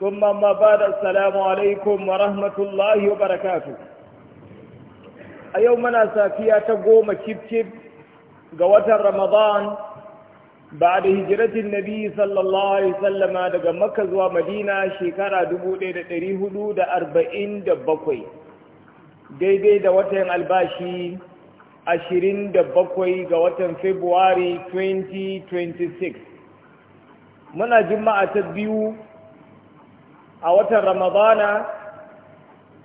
ثم ما بعد السلام عليكم ورحمة الله وبركاته أيومنا سافية تقوم كيب كيب قوة رمضان بعد هجرة النبي صلى الله عليه وسلم دقى مكة ومدينة شكرا دبو ليلة تريهدو دا أربعين دبقوي دي دي دا الباشي أشرين دبقوي bakwai فبواري 2026 muna juma'a ta biyu a watan ramadana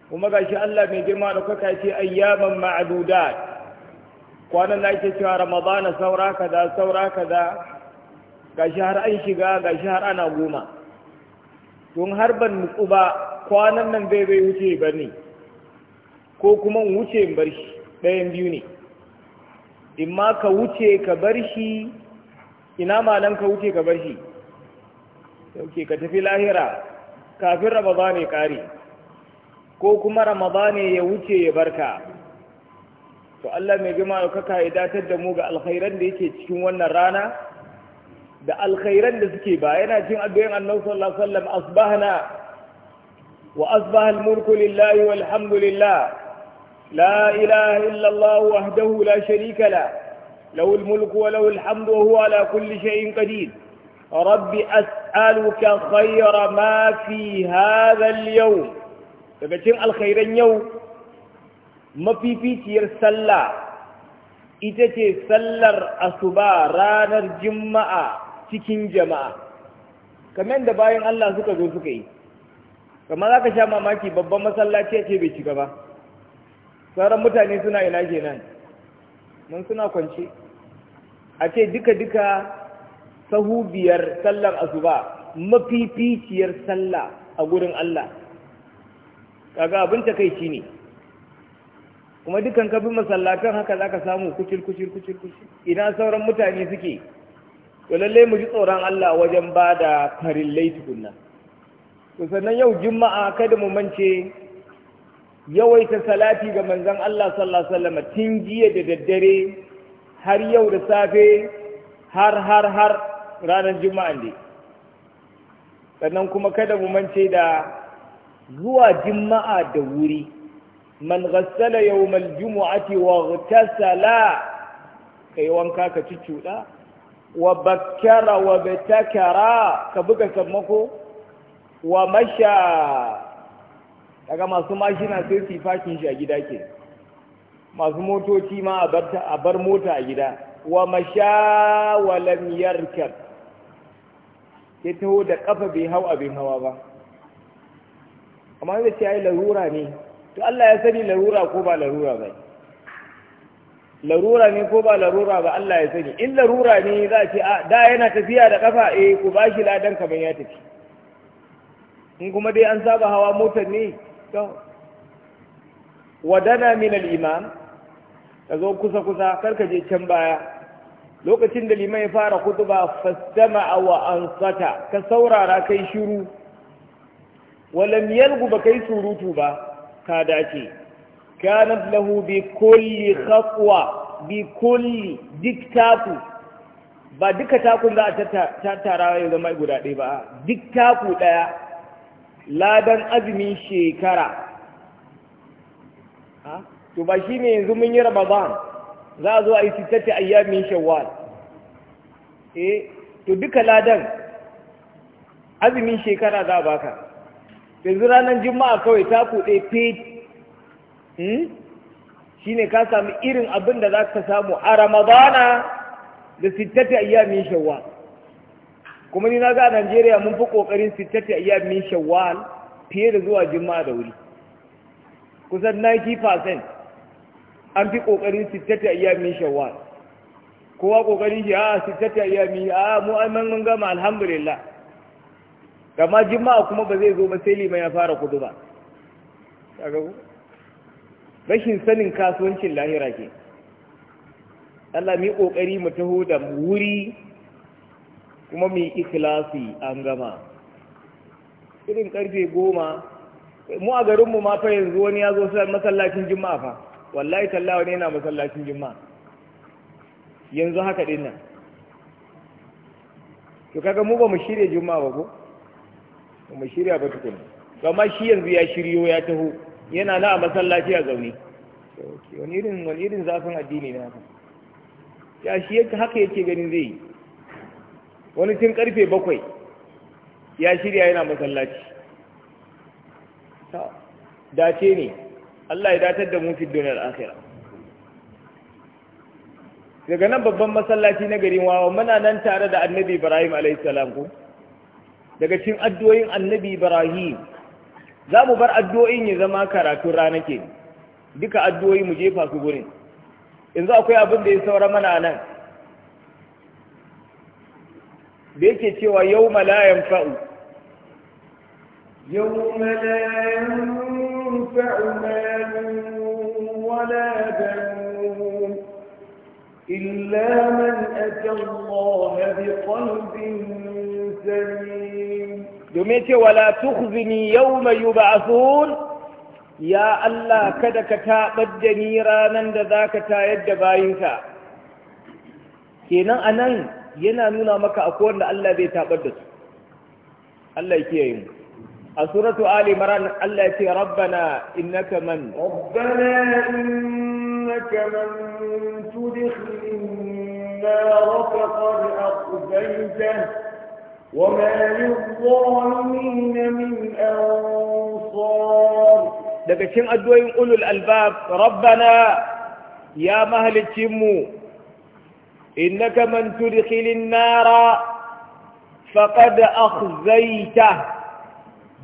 kuma ga shi Allah mai girma da kuka ce ayyaman ma'adudat kwanan da ake cewa ramadana saura kaza saura kaza ga shi har an shiga ga shi har ana goma tun har ban nutsu ba kwanan nan bai bai wuce ba ne ko kuma in wuce in bar shi ɗayan biyu ne in ma ka wuce ka bar shi ina ma nan ka wuce ka bar shi yauke ka tafi lahira kafin ramadan ya kare ko kuma ramadan ya wuce ya barka to Allah mai girma ɗaukaka ya datar da mu ga alkhairan da yake cikin wannan rana da alkhairan da suke ba yana cin addu'in annabi sallallahu alaihi wasallam asbahna wa asbaha al lillahi walhamdulillah لا إله إلا الله وحده لا شريك له له الملك وله الحمد وهو على كل شيء قدير Rabi al'ummar Khayra mafi hadar yau, daga cikin alkhairar yau, mafificiyar sallah, ita ce sallar asuba ranar jima'a cikin jama'a. Ka da bayan Allah suka zo suka yi. Kama za sha mamaki babban masallaci ya ce bai cigaba. Sararin mutane suna ina ke nan. Mun suna kwance. A ce duka-duka. sahu biyar sallar asuba mafificiyar sallah a gurin Allah kaga abin takaici ne kuma dukan ka bi masallatan haka zaka samu kucil kucil kucil kucil ina sauran mutane suke to lallai mu ji tsoron Allah wajen bada farillai tukunna to sannan yau juma'a kada mu mance yawaita salati ga manzon Allah sallallahu alaihi wasallam tun jiya da daddare har yau da safe har har har ranar juma'a ne sannan kuma kada mu mance da zuwa juma'a da wuri man ghassala yawmal jumu'ati wa ghtasala kai wanka ka cuccuda wa bakkara wa batakara ka buga sammako wa masha daga masu mashina sai su fakin shi a gida ke masu motoci ma a bar mota a gida wa masha wa lam yarkab ya taho da kafa bai hau abin hawa ba amma da ce yi larura ne to Allah ya sani larura ko ba larura ba larura ne ko ba larura ba Allah ya sani in larura ne za a ce a da yana tafiya da kafa eh ku ba shi ladan kamar ya tafi in kuma dai an saba hawa motar ne to wadana min al-imam ka zo kusa kusa kar ka je can baya lokacin da liman ya fara kutuba fastama'a wa ansata ka saurara kai shiru walam yalgu ba kai surutu ba ka dace kanat lahu bi kulli khatwa bi kulli duk taku ba duka takun za a tattara ya zama guda ɗaya ba duk taku ɗaya ladan azumin shekara to ba shine yanzu mun yi ramadan za a zo a yi sittati ayyamin shawwal eh to duka ladan azumin shekara za a baka yanzu ranar juma'a kawai ta kuɗe paid hmm? shi ne ka sami irin abin da za ka samu a ramadana da sittati ayyamin shawwal kuma ni na za a najeriya mun fi ƙoƙarin sittati ayyamin shawwal fiye da zuwa juma'a da wuri kusan 90% an fi kokarin sittata ayyamin shawwal kowa ƙoƙarin shi a ah, sittata ayyami a ah, mu an mun gama alhamdulillah kama jima'a kuma ba zai zo ba sai liman ya fara kudu ba rashin sanin kasuwancin lahira ke Allah mu ƙoƙari mu taho da wuri kuma mu ikilasi an gama irin karfe goma mu a garinmu ma fa yanzu wani ya zo masallacin jima'a fa wallahi tallawa ne yana masallacin juma'a yanzu haka din nan to kaga mu ba mu shirya juma'a ba ko mu shirya ba tukun amma shi yanzu ya shiryo ya taho yana na a masallaci a zaune wani irin wani irin zafin addini na haka ya shi yake haka yake ganin zai yi wani tun karfe bakwai ya shirya yana masallaci dace ne Allah ya datar da mu fi duniyar akhirah daga nan babban masallaci na garin wawa muna nan tare da annabi ibrahim alaihissalam ko daga cikin addu'o'in annabi ibrahim za mu bar addu'o'in ya zama karatun rana ke duka addu'o'i mu jefa su gurin yanzu akwai abin da ya saura mana nan da yake cewa yau la yanfa'u yau la yanfa'u ينفع مال ولا بنون إلا من أتى الله بقلب سليم دميت ولا تخزني يوم يبعثون يا الله كدك الجنيرة رانا ذاك تايد باينك kenan anan yana nuna maka akwai wanda Allah zai tabar da su Allah ya kiyaye mu سورة آل عمران الله يتي ربنا إنك من ربنا إنك من تدخل النار فقد أخزيته وما للظالمين من أنصار daga cikin addu'o'in ulul albab rabbana ya mahalicinmu innaka man tudkhilin nara faqad akhzaytah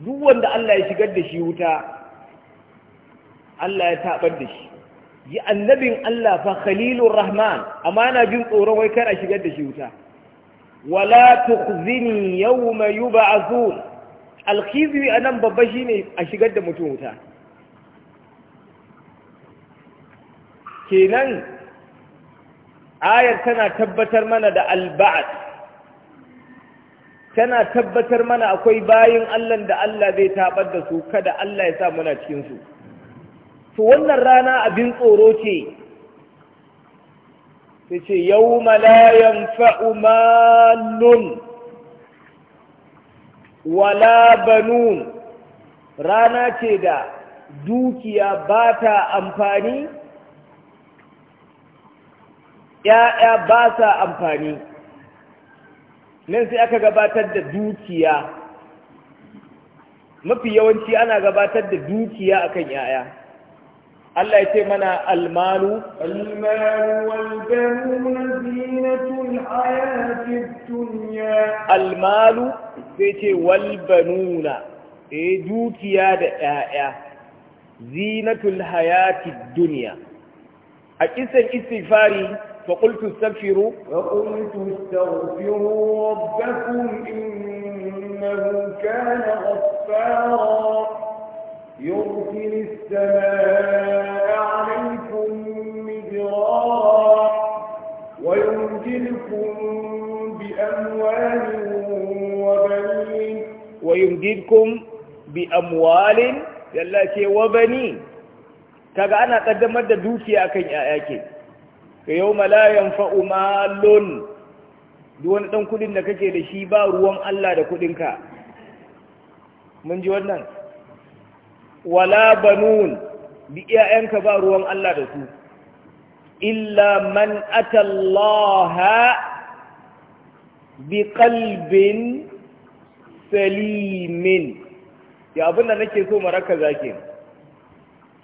duk wanda Allah ya shigar da shi wuta Allah ya tabar da shi yi annabin Allah fa khalilur rahman amma yana jin tsoron wai kar a shigar da shi wuta wala tukhzini yawma yub'athun alkhizwi anan babba shine a shigar da mutum wuta kenan ayar tana tabbatar mana da alba'at tana tabbatar mana akwai bayin Allah da Allah zai tabar da su kada Allah ya sa muna cikin su to wannan rana abin tsoro ce sai ce yawma la yanfa'u malun wala banun rana ce da dukiya ba ta amfani ‘ya'ya ba sa amfani nan sai aka gabatar da dukiya mafi yawanci ana gabatar da dukiya akan yaya Allah ya ce mana almalu almalu wal banuna zinatul hayatid dunya almalu sai ce wal banuna eh dukiya da yaya zinatul hayatid dunya a kisan istifari فقلت استغفروا فقلت استغفروا ربكم إنه كان غفارا يرسل السماء عليكم مدرارا ويمددكم بأموال وبنين ويمددكم بأموال يلا وبنين كذا أنا قدمت da dukiya akan yau malayan fa'umalon duk wani ɗan kudin da kake da shi ba ruwan Allah da kudinka mun ji wannan wala banun bi iyayenka ba ruwan Allah da su illa man atallaha bi kalbin salimin ya abin da nake so maraka zaki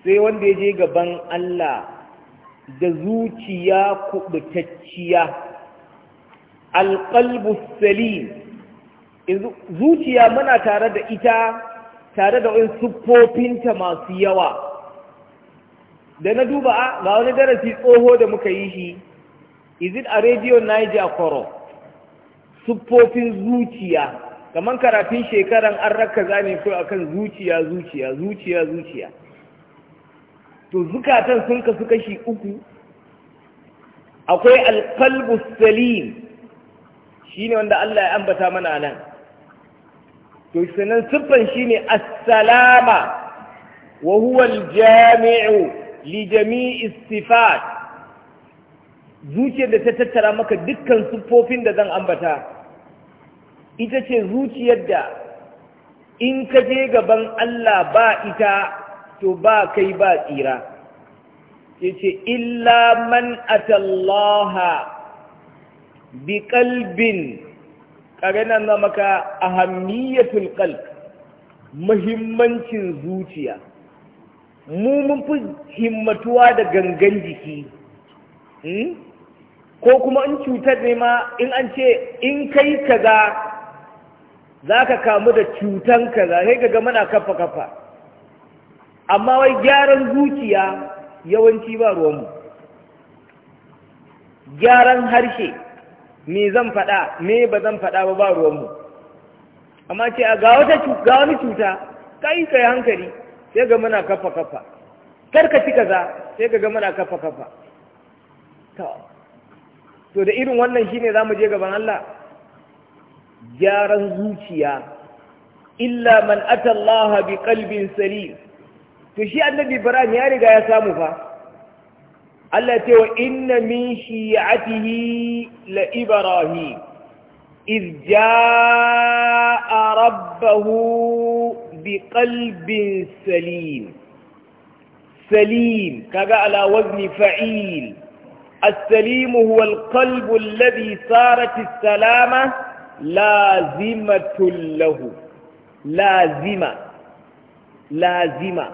sai wanda ya je gaban Allah da zuciya kubutacciya alqalbu salim zuciya muna tare da ita tare da wani siffofinta masu yawa da na duba a ga wani darasi tsoho da muka yi shi is it a radio niger koro siffofin zuciya kamar karatun shekaran an raka zane ko akan zuciya zuciya zuciya zuciya to zukatan sun kasu kashi uku akwai alkalbu salim shine wanda Allah ya ambata mana nan to sanan siffan shine assalama wa huwa aljami'u li jami'i sifat zuciyar da ta tattara maka dukkan siffofin da zan ambata ita ce zuciyar da in ka je gaban Allah ba ita to ba kai ba tsira ce illa man atallaha bi kalbin karena na maka ahammiyatul qalb muhimmancin zuciya mu mun fi himmatuwa da gangan jiki hmm? ko kuma in cutar ne ma in an ce in kai kaza za ka kamu da cutan kaza sai ka ga mana kafa kafa amma wai gyaran zuciya yawanci ba ruwanmu gyaran harshe me zan faɗa me ba zan faɗa ba ba ruwanmu amma ce a ga wani cuta kai kai hankali sai ga muna kafa kafa karka ci kaza sai ga muna kafa kafa to da irin wannan shine za mu je gaban Allah gyaran zuciya illa man ata Allah bi qalbin salim to shi annabi ibrahim ya riga ya samu fa Allah ya ce wa inna min shi'atihi la ibrahim iz jaa rabbahu qalbin salim سليم كذا على وزن فعيل السليم هو القلب الذي صارت السلامة لازمة له لازمة لازمة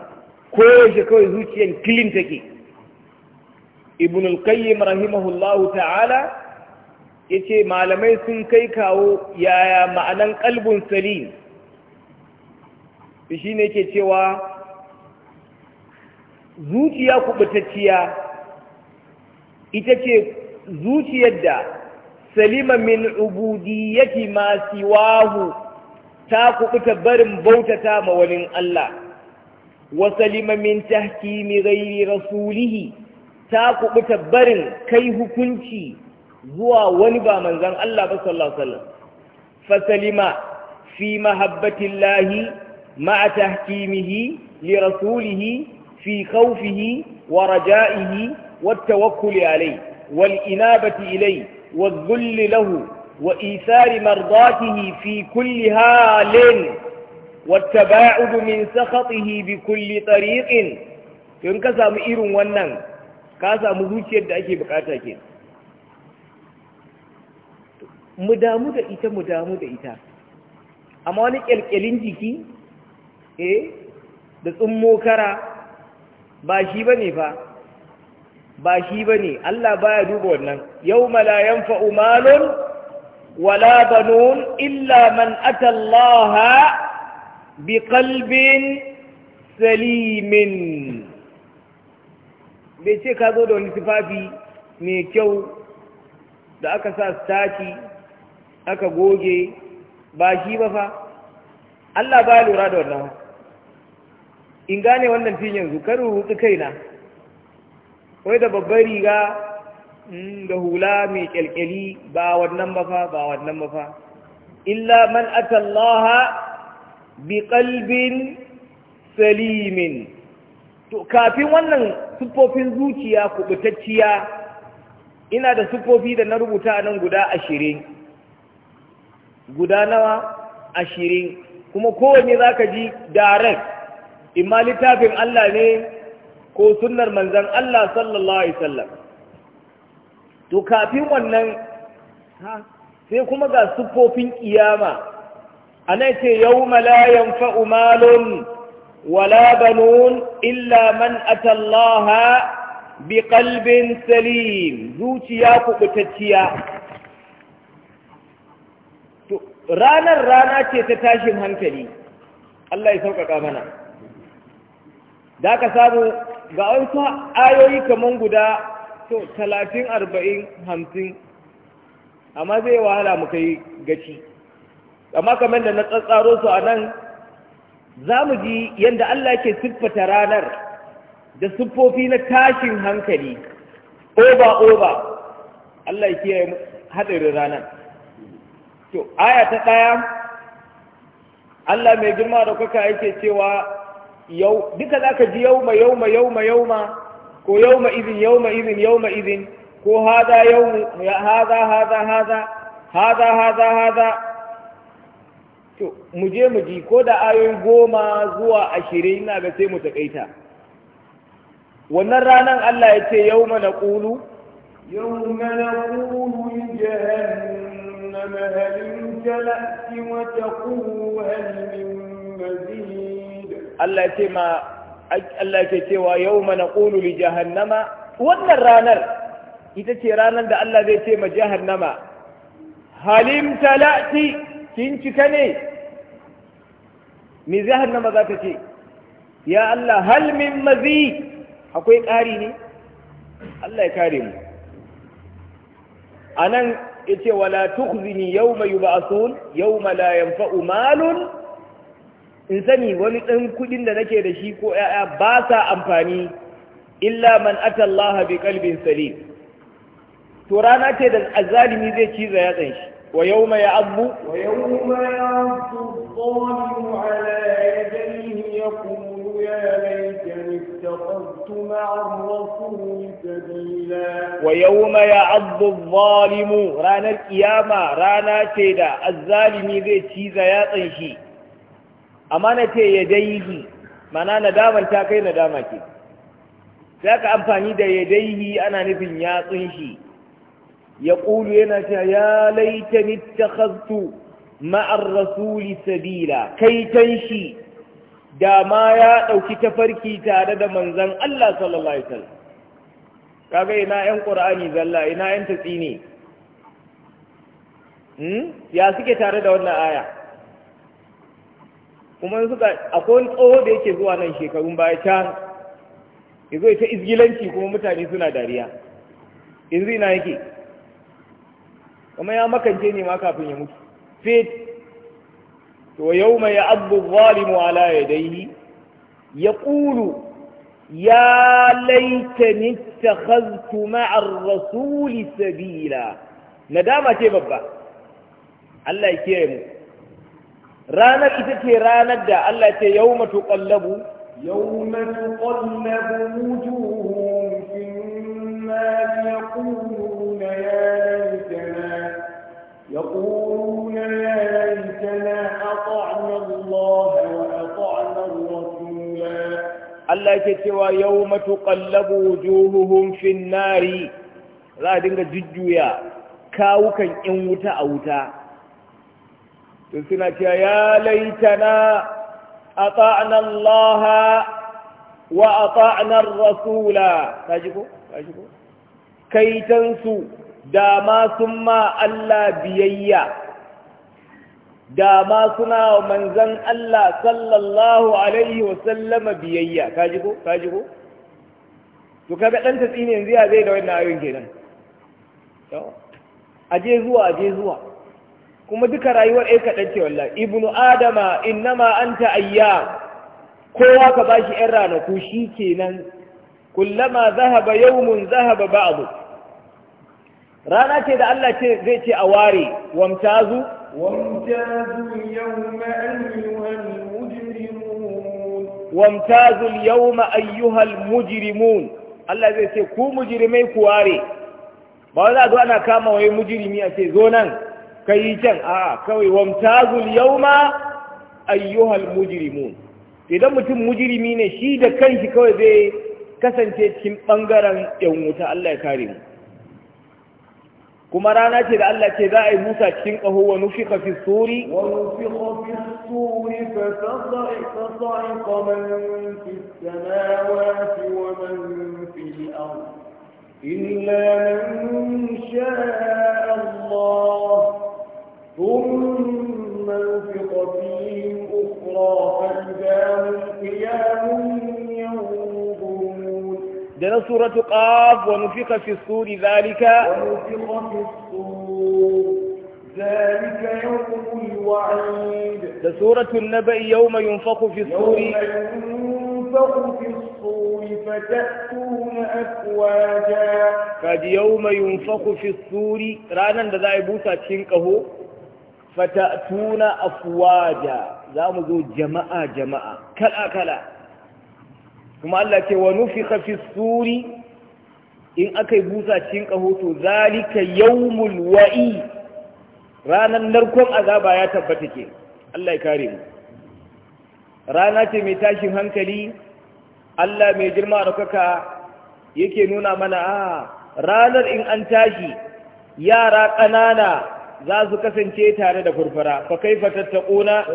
ko yaushe kawai zuciyar kilin take ibn al-qayyim rahimahullahu ta'ala yace malamai sun kai kawo yaya ma'anan qalbun salim shi ne yake cewa zuciya kubutacciya ita ce zuciyar da salima min ubudiyyati ma siwahu ta kubuta barin bautata ma wani Allah وسلم من تحكيم غير رسوله تاكو بتبرن كيه كنشي هو ونبا من زن الله صلى الله عليه وسلم فسلم في محبة الله مع تحكيمه لرسوله في خوفه ورجائه والتوكل عليه والإنابة إليه والذل له وإيثار مرضاته في كل حال wattaba'udu min sakhatihi bi kulli tariqin in ka samu irin wannan ka samu zuciyar da ake bukata ke mu damu da ita mu damu da ita amma wani kyalkyalin jiki eh da tsummo kara ba shi bane fa ba shi bane Allah baya duba wannan yawma la yanfa'u malun wala banun illa man atallaha. biƙalbin salimin bai ce ka zo da wani tufafi mai kyau da aka sa staki aka goge Baki shi ba fa Allah ba lura da wannan in gane wannan fin yanzu kar rutu kaina wai da babbar riga mm, da hula mai kyalkyali ba wannan ba fa ba wannan ba fa illa man atallaha biƙalbin salimin to kafin wannan siffofin zuciya kubutacciya ina da siffofi da na rubuta nan guda ashirin guda nawa ashirin kuma kowane za ka ji direct imma littafin Allah ne ko sunnar manzan Allah sallallahu Alaihi sallam to kafin wannan sai kuma ga siffofin kiyama ana ce yau malayan fa'umalun wala banun illa man atallaha bi kalbin salim zuciya kuɓutacciya ranar rana ce ta tashin hankali Allah ya sauƙaƙa mana da ka samu ga wasu ayoyi kamar guda to talatin arba'in hamsin amma zai wahala mu kai gaci amma kamar da na tsatsaro su a nan za mu ji yadda Allah ke siffata ranar da siffofi na tashin hankali oba oba Allah ke haɗarin ranar to aya ta ɗaya Allah mai girma da kuka yake cewa yau duka za ka ji yauma yauma yauma yauma ko yauma izin yauma izin yauma izin ko haza yaumu haza haza haza haza haza haza to mu je mu ji ko da ayoyi goma zuwa ashirin ina ga sai mu takaita wannan ranar Allah ya ce yau mana ƙulu yau mana ƙulu جهنم هل امتلأت وتقول هل من مزيد الله Allah ke cewa yau mana ƙulu li jahannama wannan ranar ita ce ranar da Allah zai ce ma jahannama halim talati kin cika ne me jahannama za ta ce ya Allah hal min mazi akwai ƙari ne Allah ya kare mu anan yace wala tukhzini yawma yub'athun yawma la yanfa'u malun in sani wani ɗan kuɗin da nake da shi ko ‘ya'ya ba sa amfani illa man atallaha bi kalbin salim to rana ce da azalimi zai ciza yatsan shi ويوم يعض ويوم يعض الظالم على يديه يقول يا ليتني اتخذت مع الرسول سبيلا ويوم يعض الظالم رانا القيامة رانا تيدا الظالم زي تيزا يا تنشي أمانة يديه معناه ندامة تاكي ندامة ذاك أمفاني دا يديه أنا نفن يا ya ƙulu yana cewa ya laita ni takhaztu ma'ar rasuli sabila kai tan shi da ma ya ɗauki tafarki tare da manzan Allah sallallahu alaihi wasallam kaga ina ƴan qur'ani zalla ina yan tatsi ne ya suke tare da wannan aya kuma suka akwai tsoho da yake zuwa nan shekarun baya can yazo ta izgilanci kuma mutane suna dariya yanzu ina yake kamar ya makance ne ma kafin ya mutu fit to yau mai abu zalimu ala ya daihi ya ƙulu ya laita ni ta haztu ma'ar rasuli sabila nadama ce babba Allah ya kiyaye mu ranar ita ce ranar da Allah ce yau matu ƙallabu yau matu ƙallabu wujuhun fi ma ya ƙulu na yanar يقولون يا ليتنا أطعنا الله وأطعنا الرسولا الله يتسوى يوم تقلب وجوههم في النار za a dinga jujjuya kawukan ‘yan wuta a wuta tun cewa ya laitana a ta'anar laha wa rasula kaitansu da ma sun ma Allah biyayya da ma suna wa manzan Allah sallallahu alaihi wasallama biyayya kaji ko kaji ko to kaga dan tatsi ne yanzu ya zai da wannan ayoyin kenan aje zuwa aje zuwa kuma duka rayuwar ai kaɗan ce wallahi ibnu adama innama anta ayya kowa ka bashi yan ranaku shi kenan kullama zahaba yawmun zahaba ba'du rana ce da Allah ce zai ce a ware wamtazu wamtazu yawma ayyuhal mujrimun ayyuhal Allah zai ce ku mujrimai ku ware ba wai zo ana kama wai mujrimi a ce zo nan kai can a'a kawai wamtazu yawma ayyuhal mujrimun idan mutum mujrimi ne shi da kanshi kawai zai kasance cikin bangaren yan wuta Allah ya kare mu kuma rana ce da Allah ce za a yi busa cikin ƙaho wa nufi fi suri wa nufi fi suri fa tasari fa sasa'iqa man fi samawati wa man fi al-ard illa man sha'a Allah thumma nufiqa fi ukhra fa idza hum qiyam دنا سورة قاف ونفخ في الصور ذلك ونفخ في الصور ذلك يوم الوعيد ده سورة النبأ يوم ينفخ في الصور ينفخ في الصور فتأتون أفواجا قد يوم ينفخ في الصور رانا دا يبوسا تشنكه فتأتون أفواجا زامزو جماعة جماعة كلا كلا kuma Allah ke wa nufi fi suri in yi busa cikin ƙaho to zalika yawmul wa'i Ranar narkon azaba ya tabbata ke Allah ya kare mu rana ce mai tashin hankali Allah mai girma ɗaukaka yake nuna mana a ranar in an tashi yara ƙanana za su kasance tare da furfura fa kai tattaquna fa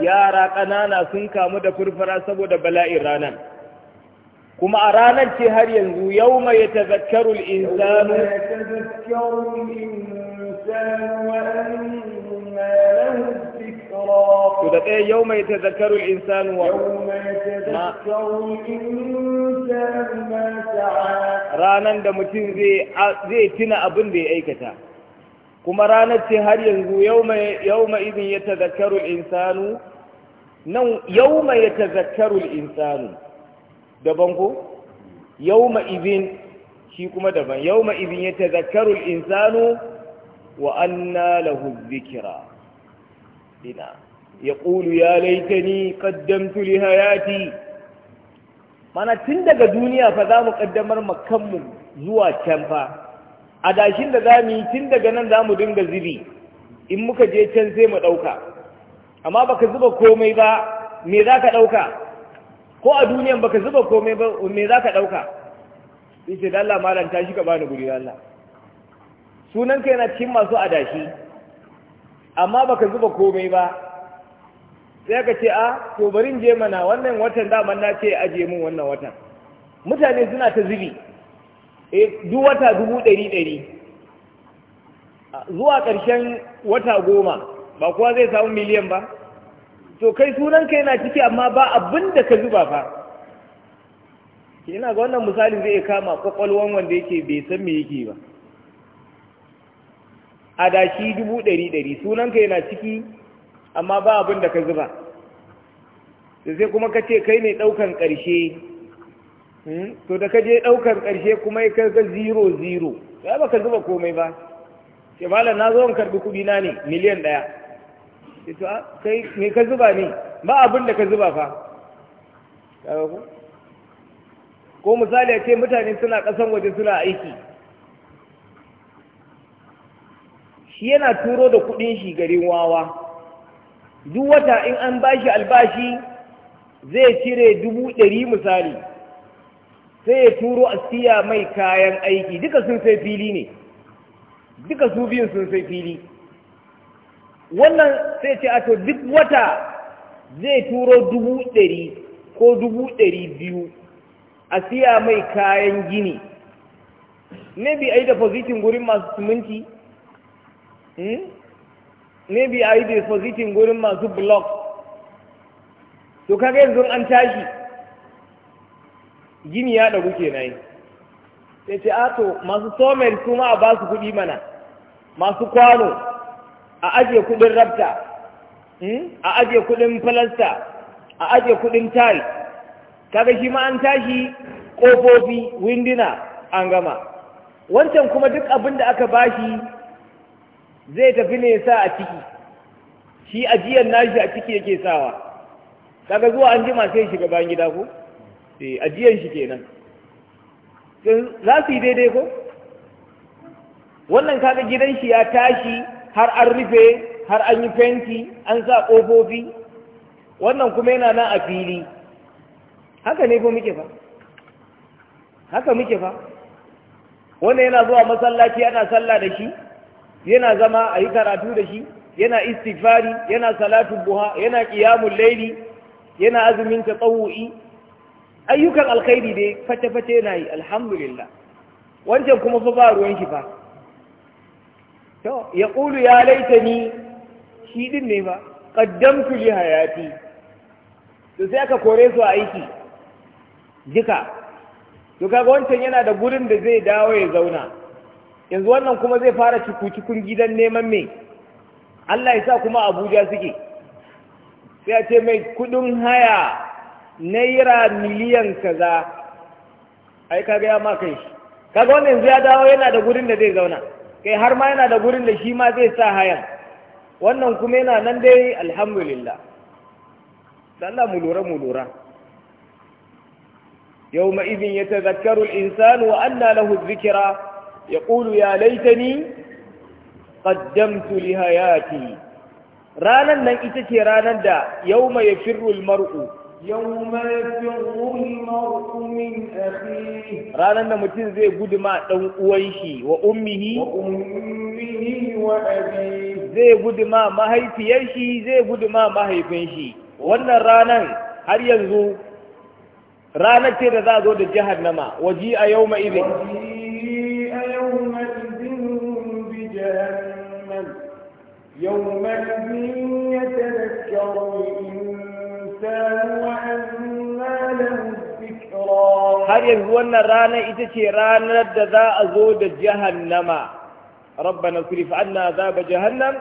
Yara ƙanana sun kamu da furfura saboda bala’in ranar. Kuma a ranar ce har yanzu yau mai ta zakkarul insanu. Yau mai ta zakkarul insanu ويسمى له الذكرى تدقى يوم يتذكر الإنسان و... يوم يتذكر الإنسان ما سعى رانا da mutum zai zai tuna abin da ya aikata kuma ranar ce har yanzu yauma idin ya tazakkaru insanu nan yauma ya tazakkaru insanu daban ko yauma idin shi kuma daban yauma idin ya tazakkaru insanu wa anna lahu dhikra ina yaqulu ya laitani qaddamtu li mana tun daga duniya fa za mu kaddamar kanmu zuwa can fa adashin da za mu yi tun daga nan za mu dinga zibi in muka je can sai mu ɗauka amma baka zuba komai ba me za ka ɗauka ko a duniyan baka zuba komai ba me za ka ɗauka in ce da Allah malam tashi ka bani guri Allah sunan ka yana cikin masu adashi amma baka zuba komai ba sai ka ce a to bari je mana wannan watan dama na ce aje mun wannan watan mutane suna ta zubi e duk wata dubu ɗari ɗari zuwa ƙarshen wata goma ba kuwa zai samu miliyan ba to kai sunan ka yana ciki amma ba abin da ka zuba fa ina ga wannan misalin zai kama kwakwalwan wanda yake bai san me yake ba adashi dubu ɗari ɗari sunanka yana ciki amma ba abin da ka zuba sai kuma ka ce kai ne ɗaukan ƙarshe hmm? to da ka je ɗaukan ƙarshe kuma ya karga zero zero ya ba ka zuba komai ba ce malam na zo in karɓi kuɗi na ne miliyan ɗaya to kai me ka zuba ne ba abin da ka zuba fa ko misali a ce mutane suna ƙasan waje suna aiki shi yana turo da kudin shi garin wawa duk wata in an bashi albashi zai cire dubu ɗari misali sai ya turo a siya mai kayan aiki duka sun sai fili ne duka su biyun sun sai fili wannan sai ce a to duk wata zai turo dubu ɗari ko dubu ɗari biyu a siya mai kayan gini ne bi a yi da gurin masu siminti Hmm? maybe a yi depositin gurin masu blog to kaga yanzu an tashi gini ya ɗagu kenan sai ce ato masu somel su a ba su kuɗi mana masu kwano a ajiye kuɗin rabta hmm? a ajiye kuɗin falasta a ajiye kuɗin tari kaga shi ma an tashi ƙofofi winduna an gama wancan kuma duk abin da aka bashi zai tafi ne sa a ciki shi ajiyar nashi a ciki yake sawa daga zuwa an jima sai shiga bayan gida ko eh ajiyar shi kenan za su yi daidai ko wannan kaga gidan shi ya tashi har an rufe har an yi fenti an sa ƙofofi wannan kuma yana nan a fili haka ne ko muke fa haka muke fa wannan yana zuwa masallaci ana sallah da shi yana zama a yi karatu da shi yana istighfari yana salatu buha yana qiyamul layli yana azumin tatawu'i ayyukan alkhairi dai fata fata yana yi alhamdulillah wancan kuma fa ba ruwan shi fa to ya qulu ya laitani shi din ne ba qaddamtu li hayati to sai aka kore su a aiki duka to kaga wancan yana da gurin da zai dawo ya zauna yanzu wannan kuma zai fara cikin gidan neman mai Allah ya sa kuma Abuja suke sai a ce mai kudin haya naira miliyan kaza ai kaga ya ma kai shi kaga wannan yanzu ya dawo yana da gurin da zai zauna kai har ma yana da gurin da shi ma zai sa hayan wannan kuma yana nan dai alhamdulillah da Allah mu lura mu lura Yau yawma idin yatazakkaru al-insanu wa anna lahu zikira Ya ya يا ليتني قدمت لحياتي Ranar nan ita ce ranar da yau mai firul mar'u Yau ya firul mar'u min akhihi Ranar da mutum zai gudu ma dan uwan shi wa ummihi wa ummihi zai gudu ma mahaifiyar zai gudu ma mahaifin wannan ranar har yanzu ranar ce da za a zo da jihar nama, waji a yau yauma idin يومئذ يتذكر الإنسان وأنى له الذكرى har yanzu wannan rana ita ce ranar da za a zo da jahannama rabbana sirif anna azaba jahannam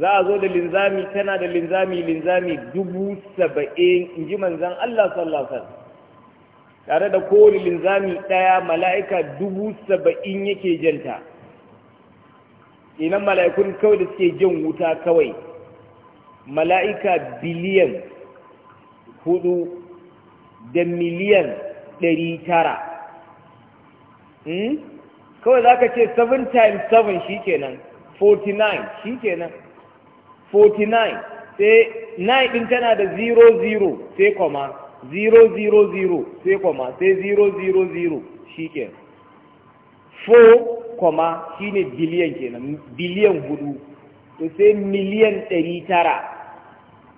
za a zo da linzami tana da linzami linzami dubu saba'in in ji manzan Allah sallallahu alaihi wasallam tare da kowane linzami ɗaya mala'ika dubu saba'in yake janta inan mala'ikun kawai da suke jan wuta kawai mala'ika biliyan hudu da miliyan ɗari tara hmm? kawai za ka ce 7 times 7 shi kenan 49 shi kenan 49 sai 9 ɗin tana da 00 sai kwama 000 sai kwama sai 000 shi ke 4 kwama shi ne biliyan kenan biliyan hudu to sai miliyan 900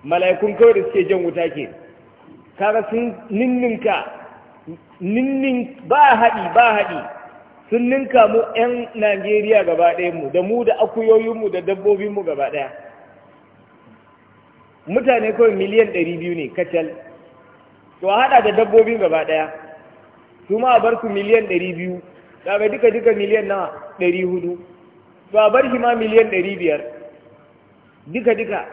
mala'ikun kawai da suke jan wuta ke kaga sun ninninka ninnin ba haɗi ba haɗi sun ninka mu 'yan najeriya gaba mu da mu da akuyoyinmu da dabbobinmu gaba ɗaya mutane kawai miliyan 200 ne kacal to a haɗa da dabbobin gaba ɗaya su ma a bar su miliyan ɗari biyu daga duka duka miliyan na ɗari hudu to a bar shi ma miliyan ɗari biyar duka duka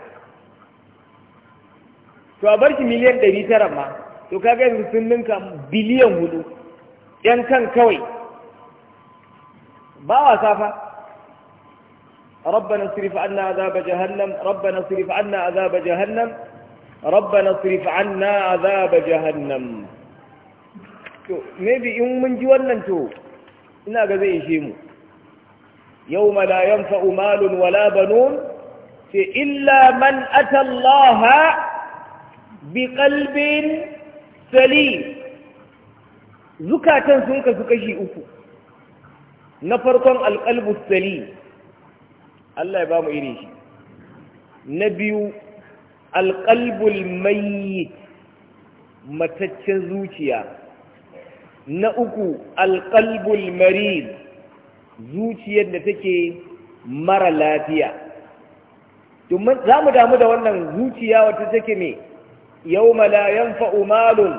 to a bar shi miliyan ɗari tara ma to kaga yanzu sun ninka biliyan hudu ‘yan kan kawai ba wasa fa ربنا اصرف عنا عذاب جهنم ربنا اصرف عنا عذاب جهنم ربنا اصرف عنا عذاب جهنم تو maybe ان من جي wannan to ina ga zai ishe mu yawma la yanfa'u malun wala banun fa illa man ata Allah bi qalbin salim zukatan sun ka kasu kashi uku na farkon alqalbu salim Allah ya ba mu irin shi na biyu alƙalbul mayyit mataccen zuciya na uku alƙalbul marid zuciyar da take mara lafiya za mu damu da wannan zuciya wata take me yau la yanfa'u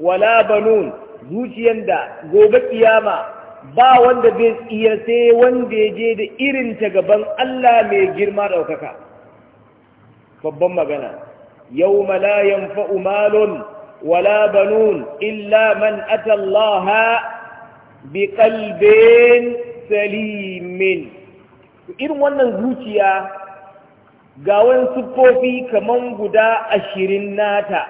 wala banun zuciyar da gobe kiyama ba wanda bai iya sai wanda ya je da irin ta gaban Allah mai girma ɗaukaka babban magana yau malayan yanfa'u wala banun illa man atallaha bi qalbin salimin irin wannan zuciya ga wani siffofi kaman guda ashirin nata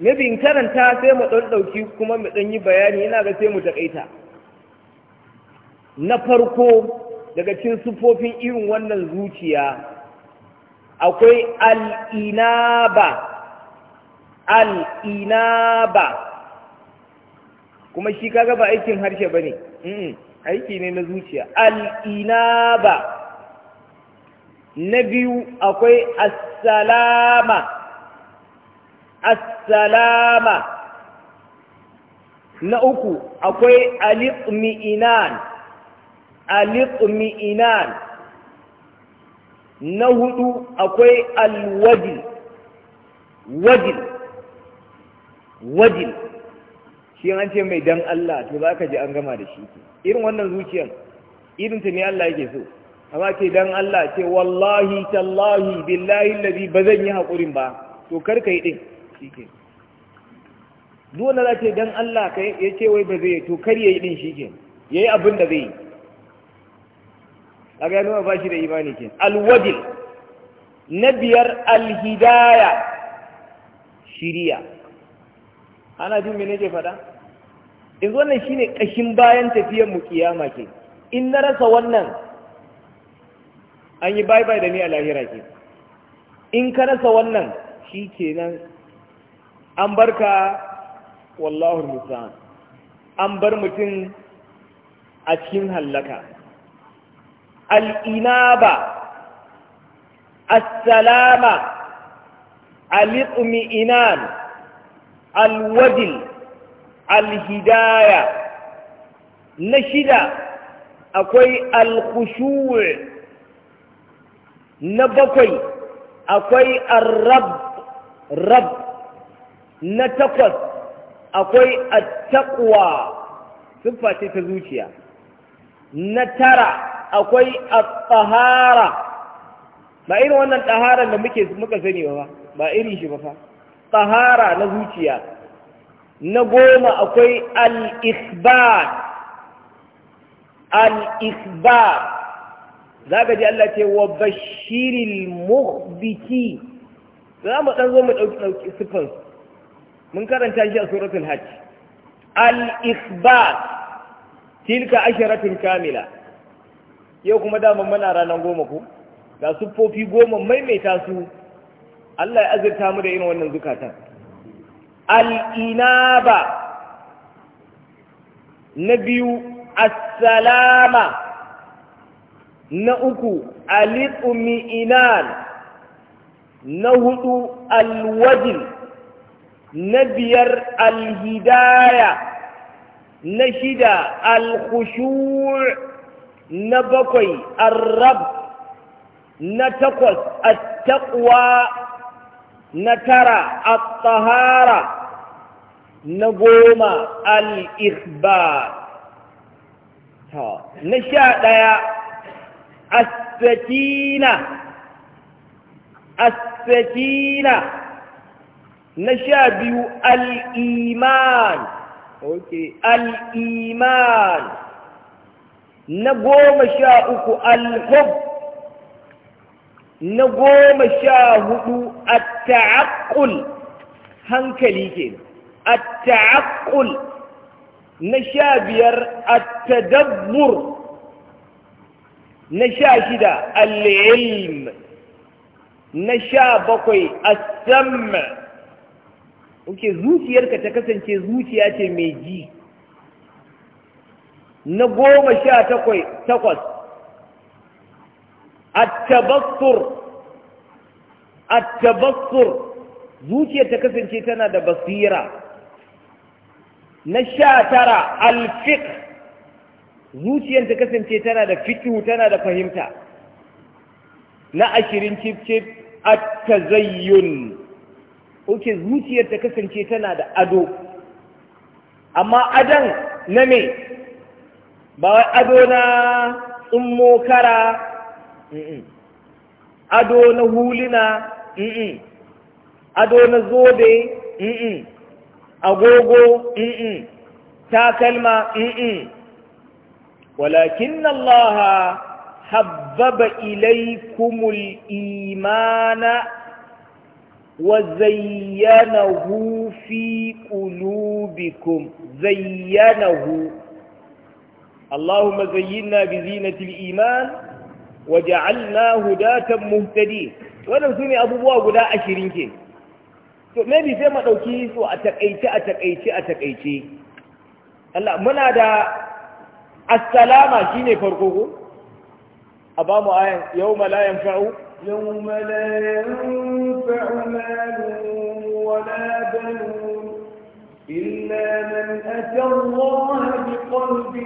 nabin karanta sai mu ɗan ɗauki kuma mu ɗan yi bayani yana ga sai mu taƙaita na farko daga cin siffofin irin wannan zuciya akwai al'inaba al'inaba kuma shi kaga ba aikin harshe ba ne aiki ne na zuciya al'inaba na biyu akwai assalama assalama na uku akwai alif mi'inan na hudu akwai alwajil wajil wajil shi an ce mai dan Allah to za ka ji an gama da shi irin wannan zuciyan irin ta ne Allah yake so amma ce dan Allah ce wallahi tallahi billahi allazi ba zan yi haƙurin ba to kar ka yi din shike duk wanda za ce dan Allah kai ya ce wai ba zai to kar ya yi din shike yayi abin da zai yi a gano ba shi da imani ke alwajil na biyar alhidaya shiriya ana jin mene ke faɗa in zo shi shine ƙashin bayan tafiyar mu kiyama ke in na rasa wannan an yi bye bye da ni a lahira ke in ka rasa wannan shi ke nan, an barka wallahu Musa, an bar mutum a cikin hallaka الإنابة السلامة الاطمئنان الوجل الهداية نشدة أكوي الخشوع نبقي أكوي الرب رب نتقص أكوي التقوى صفة تزوجيا نترى akwai at-tahara ba irin wannan tahara da muke muka sani ba ba irin shi ba fa tahara na zuciya na goma akwai al-ikhbar al-ikhbar zaka ji Allah ce wa bashiril mukhbiti za mu dan zo mu dauki dauki sifan mun karanta shi a suratul hajj al-ikhbar tilka asharatun kamila yau kuma damar mana ranar goma ko ga siffofi goma maimaita su Allah ya azurta mu da irin wannan zukatan al'inaba na biyu assalama na uku al'umi'inan na hudu alwajin na biyar alhidaya na shida alkhushu' na bakwai arrab na takwas attaqwa na tara at-tahara na goma al-ikhbar na sha ɗaya as-sakina as-sakina na sha biyu al-iman okay al-iman na goma sha uku alhub na goma sha hudu ta'akul hankali ke ta'akul na sha biyar attadabbur na sha shida al'ilm na sha bakwai asam uke zuciyarka ta kasance zuciya ce mai ji na goma sha takwas a attabassur zuciya ta kasance tana da basira na sha tara alfik zuciyar ta kasance tana da fikihu tana da fahimta na ashirin cif-cif tazayyun. oke zuciyar ta kasance tana da ado amma adan na me ba wai ado na tsummo kara ado na huluna ado na zobe agogo takalma walakin Allah habbaba ilaikumul imana وزينه في zayyana hu. اللهم زينا بزينة الإيمان وجعلنا هداة مهتدين wannan su ne abubuwa guda ashirin ke to me maybe sai mu ɗauki su a taƙaice a taƙaice a taƙaice Allah muna da assalama shine farko ko a ba mu ayan yawma la yanfa'u yawma la yanfa'u malun wala banun إلا من أتى الله بقلب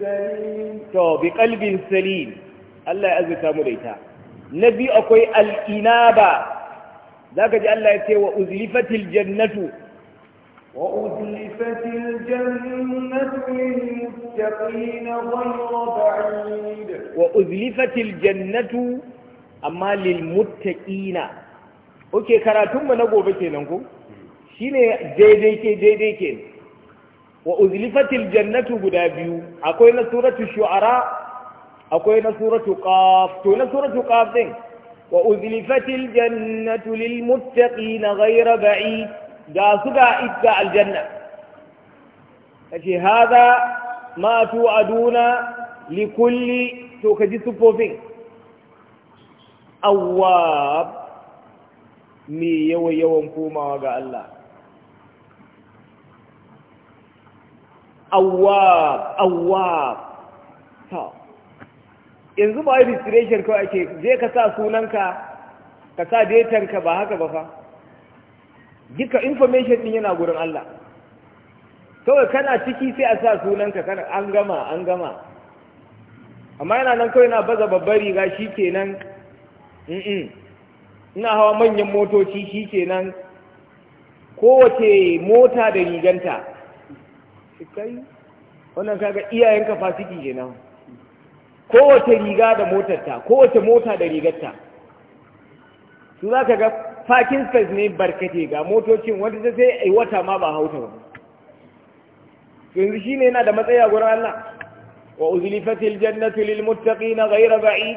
سليم تو بقلب سليم الله يعزك مليتا نبي أكوي الإنابة ذاك جاء الله يتي وأزلفت الجنة وأزلفت الجنة للمتقين غير بعيد وأزلفت الجنة أما للمتقين أوكي كراتم نقول بكي نقول shine daidai ke daidai ke wa uzlifatil jannatu guda biyu akwai na suratu shu'ara akwai na suratu qaf to na suratu qaf din wa uzlifatil jannatu lil muttaqin ghayra ba'id da su ga idda janna kace hada ma tu'aduna li kulli to kaji sufofin awwab mi yawa yawan komawa ga Allah awwab awwab to yanzu ba registration kawai ake je ka sa sunanka ka sa datanka ba haka ba fa duka information din yana gurin Allah kawai kana ciki sai a sa sunanka kana an gama an gama amma yana nan kawai na baza babbar riga shikenan mm ina hawa manyan motoci shi nan. kowace mota da riganta kai wannan kaga iyayenka fasiki kenan kowace riga da ta kowace mota da rigarta su za ka ga parking space ne barkate ga motocin wanda ta sai ai wata ma ba hauta ba yanzu shine yana da matsayi a gurin Allah wa uzlifatil jannatu lil muttaqin ghayra ba'id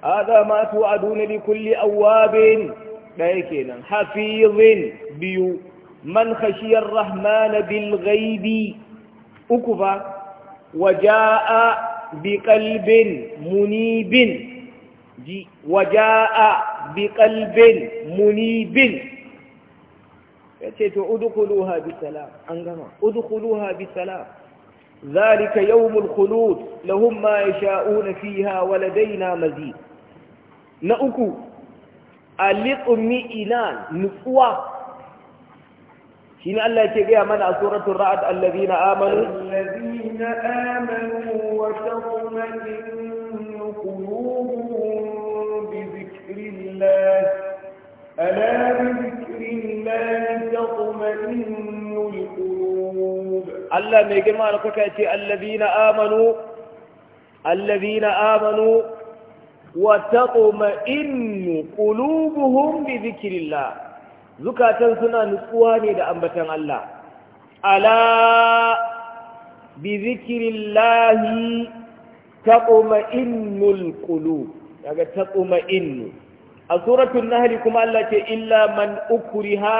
hada ma tu'aduna li kulli awabin daya kenan hafizin biyu من خشي الرحمن بالغيب أكفا وجاء بقلب منيب وجاء بقلب منيب يتيتوا ادخلوها بسلام أنجمع. ادخلوها بسلام ذلك يوم الخلود لهم ما يشاءون فيها ولدينا مزيد نأكو مئنان نفوه شين الله يتقيا من سورة الرعد الذين آمنوا الذين آمنوا وتطمئن قلوبهم بذكر الله ألا بذكر الله تطمئن القلوب الله ما يجمع لك الذين آمنوا الذين آمنوا وتطمئن قلوبهم بذكر الله zukatan suna nutsuwa ne da ambatan Allah ala bi zikirillahi taquma'innul qulub daga taquma'innu a suratul nahl kuma Allah ce illa man ukriha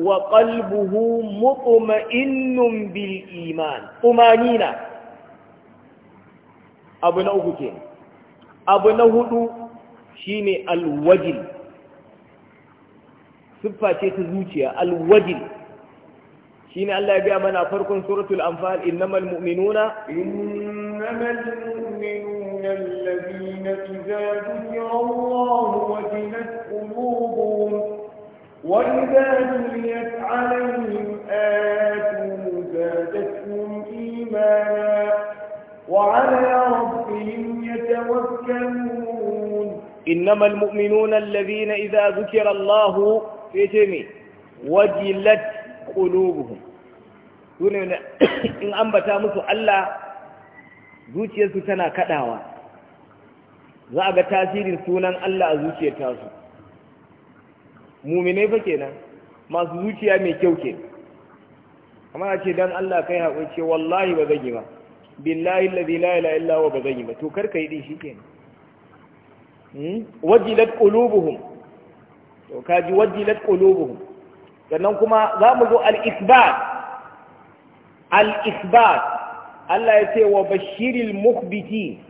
wa qalbuhu mutma'innun bil iman tumanina abu na uku ke abu na hudu shine alwajil siffa ce ta zuciya alwajil shine Allah ya gaya mana farkon suratul anfal innamal mu'minuna innamal mu'minuna alladhina idza dhukira Allah wajilat qulubuhum wa idza tuliyat alaihim ayatu zadatuhum imana wa ala rabbihim yatawakkalun innamal mu'minuna alladhina idza dhukira Allah sai ce me wajilat qulubuhum sune in ambata musu Allah zuciyarsu tana kadawa za a ga tasirin sunan Allah a zuciyar tasu muminai fa kenan masu zuciya mai kyau ke amma a ce dan Allah kai haƙuri ce wallahi ba zan yi ba billahi allazi la ilaha illa huwa ba zan yi ba to kar ka yi din nan. Hmm? wajilat qulubuhum to kaji wajilat qulubuhum sannan kuma za mu zo al-isbat al-isbat Allah ya ce wa bashiril mukhbiti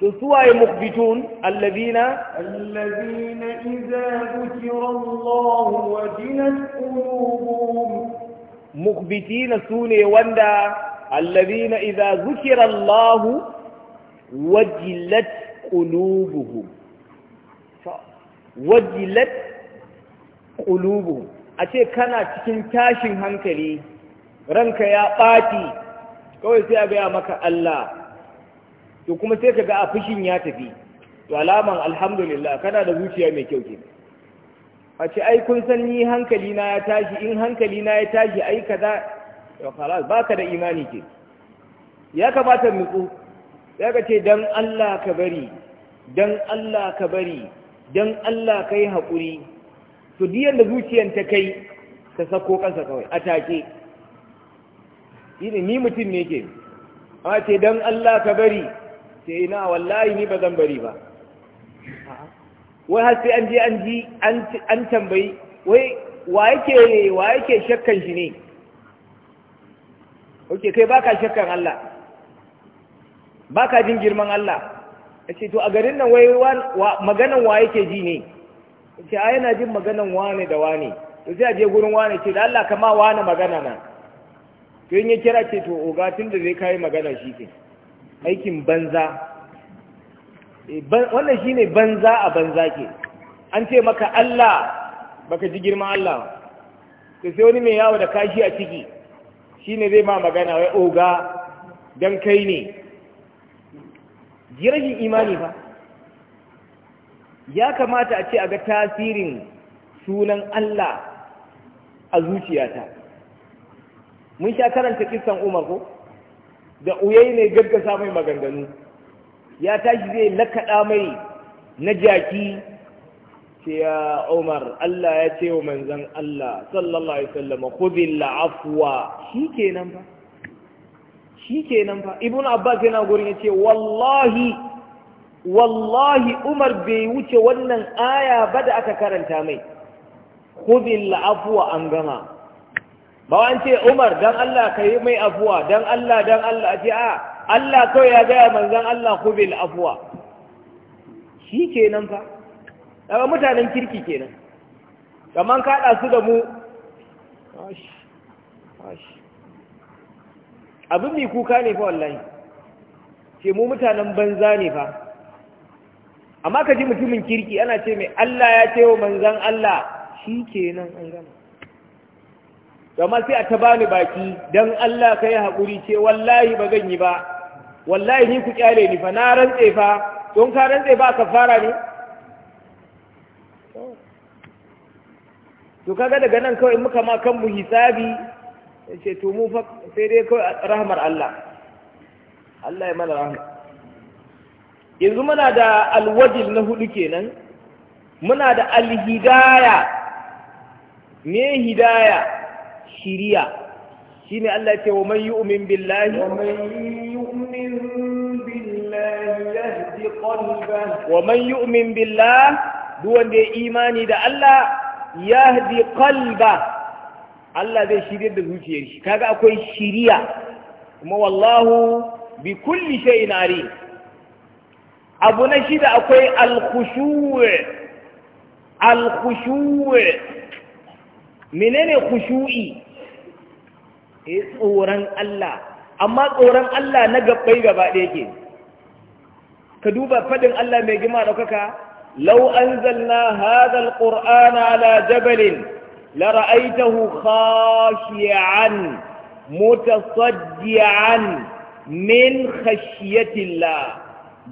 to suwaye mukhbitun alladhina alladhina idza dhukira Allah wajilat qulubuhum mukhbitina sune wanda alladhina idza dhukira Allah wajilat qulubuhum wajilat ƙulubu a ce kana cikin tashin hankali ranka ya ɓati kawai sai a gaya maka Allah to kuma sai ka ga a fushin ya tafi to alaman alhamdulillah kana da zuciya mai kyau ke. a ce ai kun san ni hankali na ya tashi in hankali na ya tashi ai kaza ya fara baka da imani ke ya kamata ku. ya ka ce dan Allah ka bari dan Allah ka bari dan Allah kai haƙuri to diyan da zuciyan ta kai ta sako kansa kawai a take ni mutum ne ke amma ce don Allah ka bari ce ina wallahi ni ba zan bari ba wai har sai an je an ji an tambayi wai wa yake wa yake shakkan shi ne oke kai baka shakkan Allah baka jin girman Allah ce to a garin nan wai maganan wa yake ji ne ce a yana jin maganan wane da wane to sai a je gurin wane ce da Allah kama wane magana na to in ya kira ce to oga tun da zai kai magana shi ke aikin banza eh, wannan shi ne banza a banza ke an ce maka Allah baka ji girma Allah to sai wani mai yawo da kashi a ciki Shi ne zai ma magana wai oga dan kai ne rashin imani ba ya kamata a ce a ga tasirin sunan Allah a zuciyata mun sha karanta kisan umar ko da uyai ne gaggasa mai maganganu ya tashi zai lakaɗa mai na jaki ce ya umar Allah ya ce wa manzan Allah sallallahu alaihi wasallam khudhil afwa shikenan ba shikenan ba ibnu abbas yana gurin ya ce wallahi wallahi umar bai wuce wannan aya ba da aka karanta mai kudin la'afuwa an gama ba an ce umar don Allah ka yi mai afuwa don Allah don Allah ce a Allah kawai ya gaya manzan Allah kudin la'afuwa shi kenan fa daga mutanen kirki kenan kamar kaɗa su da mu abin mai kuka ne fa wallahi ce mu mutanen banza ne fa amma ka ji mutumin kirki ana ce mai Allah ya ce wa manzan Allah shi kenan an gama amma sai a ta bani baki don Allah ka yi haƙuri ce wallahi ba zan yi ba wallahi ni ku kyale ni fa na rantse fa don ka rantse ba ka fara ne to kaga daga nan kawai muka ma mu hisabi ce to mu fa sai dai kawai rahmar Allah Allah ya mana rahmar yanzu muna da alwajil na hudu kenan muna da alhidaya me hidaya shiriya shi ne Allah ce wa man yu'min billahi wa man yu'min billahi yahdi qalbahu wa man yu'min billahi duk wanda ya imani da Allah yahdi qalbahu Allah zai shirya da zuciyar shi kaga akwai shiriya kuma wallahu bi kulli shay'in alim abu na shida akwai alkushuwe alkushuwe menene kushu'i eh tsoron Allah amma tsoron Allah na gabbai gaba ɗaya ke ka duba fadin Allah mai gima ɗaukaka lau an zalna hadal ƙur'ana ala jabalin lara'aitahu khashi'an mutasaddi'an min khashiyatillah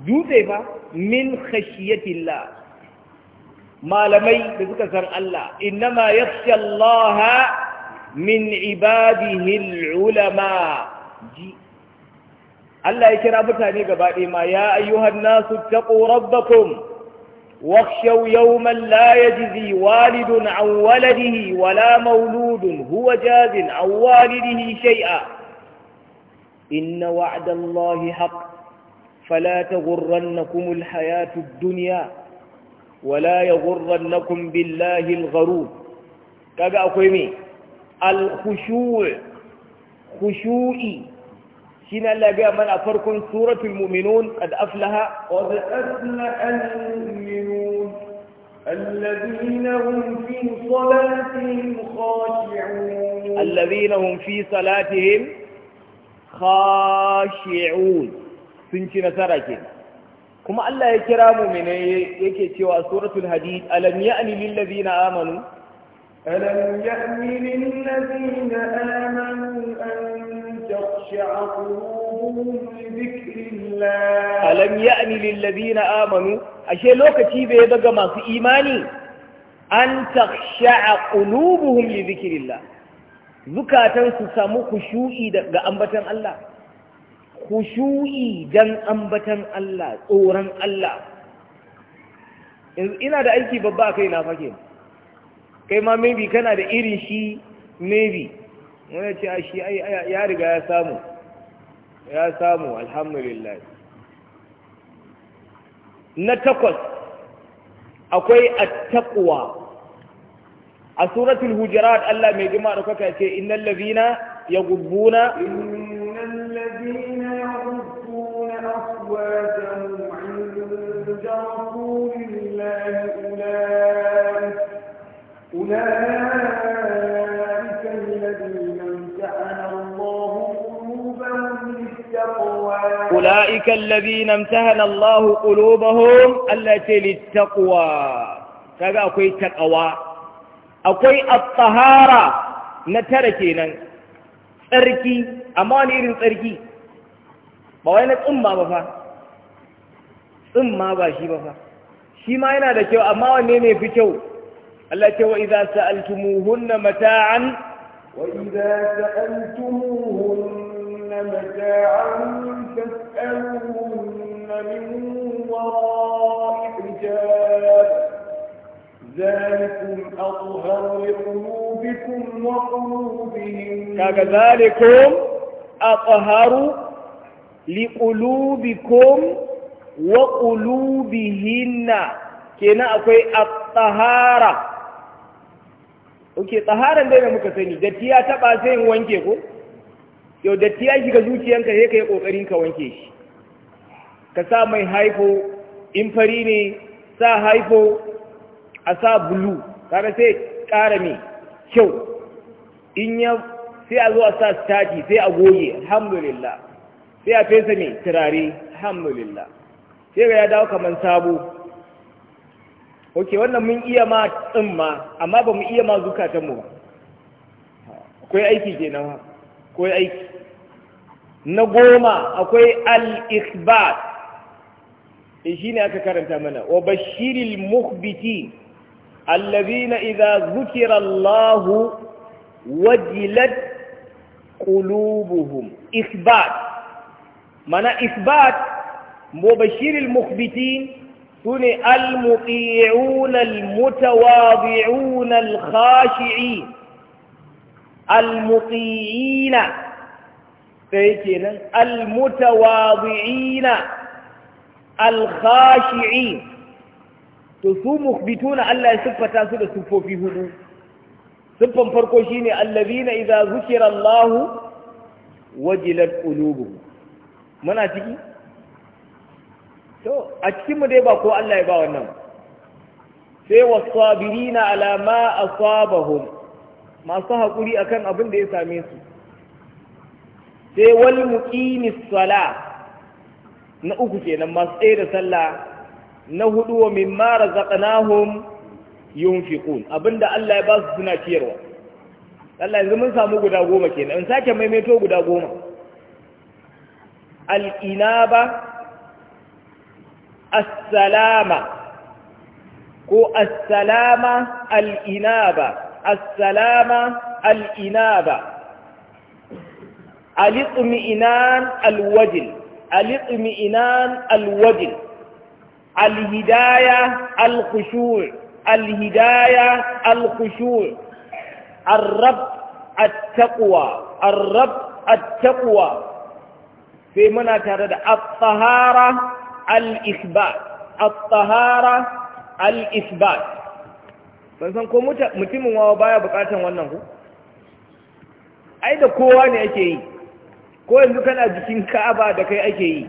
dutse ba min khashiyatillah malamai da suka san Allah innama yakhsha Allah min ibadihi ulama Allah ya kira mutane gaba ɗaya ma ya ayyuhan nasu taqu rabbakum واخشوا يوما لا يجزي والد عن ولده ولا مولود هو جاز عن والده شيئا إن وعد الله حق فلا تغرنكم الحياة الدنيا ولا يغرنكم بالله الغرور كذا أقول الخشوع خشوعي شنا لا من أفركم سورة المؤمنون قد أفلها قد أفلح المؤمنون الذين هم في صلاتهم خاشعون الذين هم في صلاتهم خاشعون sun ci nasara ke kuma Allah ya kira mu mene yake cewa suratul hadid alam ya'ni lil ladina amanu alam ya'ni lil ladina amanu an takhsha'a qulubuhum li dhikrillah alam ya'ni lil ladina amanu ashe lokaci bai daga masu imani an takhsha'a qulubuhum li dhikrillah zukatan su samu khushu'i daga ambatan Allah khushu'i dan ambatan Allah tsoron Allah ina da aiki babba a kai na fake kai ma maybe kana da irin shi maybe wani ce a shi ya riga ya samu ya samu alhamdulillah na takwas akwai attaqwa a suratul hujurat Allah mai jima da kwaka ce innal ladina yaghbuna innal ladina عند أولئك أولئك الذين امتحن الله قلوبهم للتقوى أولئك الذين امتحن الله قلوبهم التي للتقوى كذا أقول التقوى أقول الطهارة نتركينا تركي أماني kenan tsarki amma wani irin din ma ba shi ba fa shi ma yana da kyau amma wanne ne fi kyau Allah ce wa idza sa'altumuhunna mata'an wa idza sa'altumuhunna mata'an fas'aluhunna min wara'i hijab ذلكم أطهر لقلوبكم وقلوبهم كذلكم أطهر لقلوبكم wa qulubihinna kenan akwai at-tahara oke tsaharan dai da muka sani datti ya taba sai in wanke ko yau datti ya shiga zuciyanka sai ka yi kokarin ka wanke shi ka sa mai haifo in fari ne sa haifo a sa bulu Kada sai ƙara mai kyau in ya sai a zo a sa staki sai a goge alhamdulillah sai a fesa mai turare alhamdulillah sai ga ya dawo kamar sabo ok wannan mun iya ma ɗin ma amma ba mu iya ma zukatanmu ba akwai aiki ke nan akwai aiki na goma akwai al-ikhbar e, shi ne aka karanta mana wa bashiril muhbiti allazina idza zukira Allahu wajilat qulubuhum isbat mana isbat مبشر المخبتين سنة المطيعون المتواضعون الخاشعين المطيعين فيكينا المتواضعين الخاشعين تسو مخبتون ألا يسفة تاسود لسفو في هدو سفن فرقو الذين إذا ذكر الله وجلت قلوبهم من أتكي to a cikin mu dai ba ko Allah ya ba wannan sai wasabirina ala ma asabahum masu hakuri akan abin da ya same su sai wal muqimis sala na uku kenan masu tsaye da sallah na hudu wa mimma razaqnahum yunfiqun abinda Allah ya ba su suna ciyarwa Allah yanzu mun samu guda goma kenan in sake maimaito guda goma al'ina ba. السلامة كو السلامة الإنابة السلامة الإنابة الاطمئنان الوجل الاطمئنان الوجل الهداية الخشوع الهداية الخشوع الرب التقوى الرب التقوى في منا الطهارة al’isbat, isbat at-tahara ban san ko mutumin wawa baya bukatan wannan ku ai da kowa ne ake yi ko yanzu kana jikin ka'aba da kai ake yi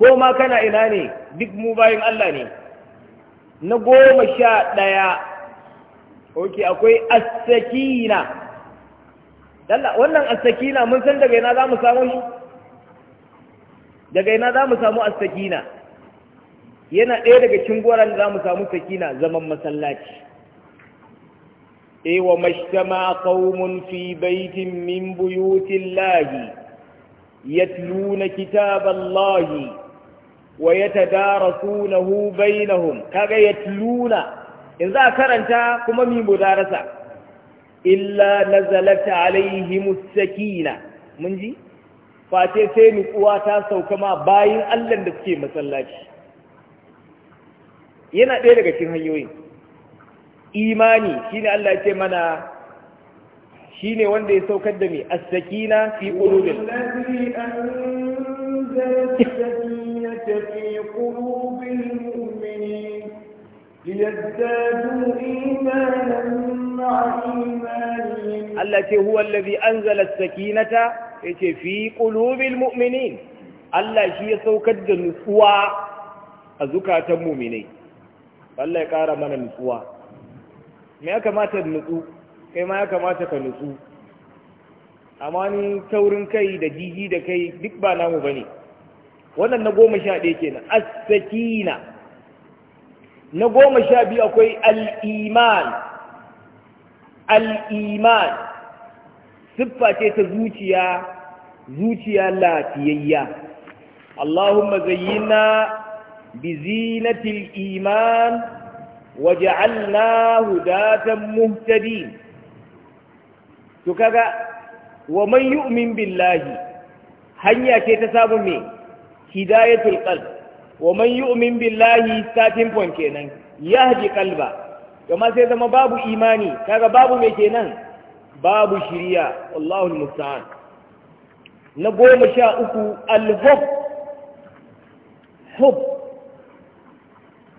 ko ma kana ina ne duk mu bayan Allah ne na goma sha ɗaya ok akwai asakina wannan asakina mun san daga yana za mu samu shi daga ina za mu samu as-sakina yana ɗaya daga cikin da za mu samu sakina zaman masallaci e wa mashtama qaumun fi baitin min buyutillahi yatluna kitaballahi wa yatadarasunahu bainahum kaga yatluna in za karanta kuma mi mudarasa illa nazalat alaihim as-sakina mun ji Fate sai ni nutsuwa ta sauka ma bayin Allah da suke masallaci yana ɗaya daga cikin hanyoyin imani shine Allah ce mana shine wanda ya saukar da mai as-sakina fi qulubil Allah ce huwa lafi an zala sakinata ce fi qulubil mu'minin Allah shi ya saukar da nutsuwa a zukatan mu'minai Allah ya ƙara mana nutsuwa me ya kamata nutsu kai ma ya kamata ka nutsu amma ni taurin kai da jiji da kai duk ba namu bane wannan na goma sha ɗaya kenan as-sakina na goma sha biyu akwai al-iman al-iman siffa ce ta zuciya zuciya lafiyayya Allahumma zayyina bi zinatil iman waj'alna hudatan muhtadin to kaga wa man yu'min billahi hanya ce ta samu me hidayatul qalb wa man yu'min billahi starting point kenan yahdi qalba kuma sai zama babu imani kaga babu me kenan babu shirya Allahul musta'an na goma sha uku al-hub hub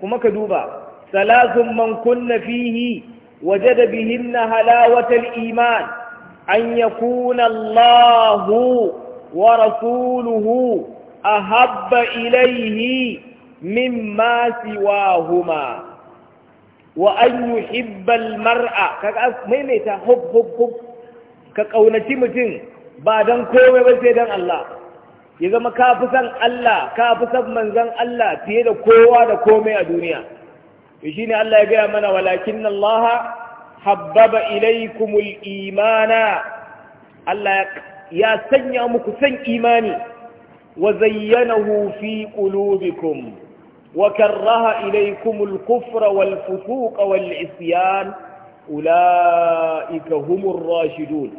kuma ka duba salasun man kunna fihi bihin bihinna halawatal iman an kuna Allahu wa rasuluhu ahabba ilayhi mimma siwahuma wa an hibbal mar'a kaga maimaita hub hub hub ka kaunaci mutum ba dan komai ba sai dan Allah ya zama ka fi san Allah ka fi san manzon Allah fiye da kowa da komai a duniya shi ne Allah ya gaya mana walakin Allah habbaba ilaikumul imana Allah ya sanya muku san imani wa zayyanahu fi qulubikum وكره إليكم الكفر والفسوق والعصيان أولئك هم الراشدون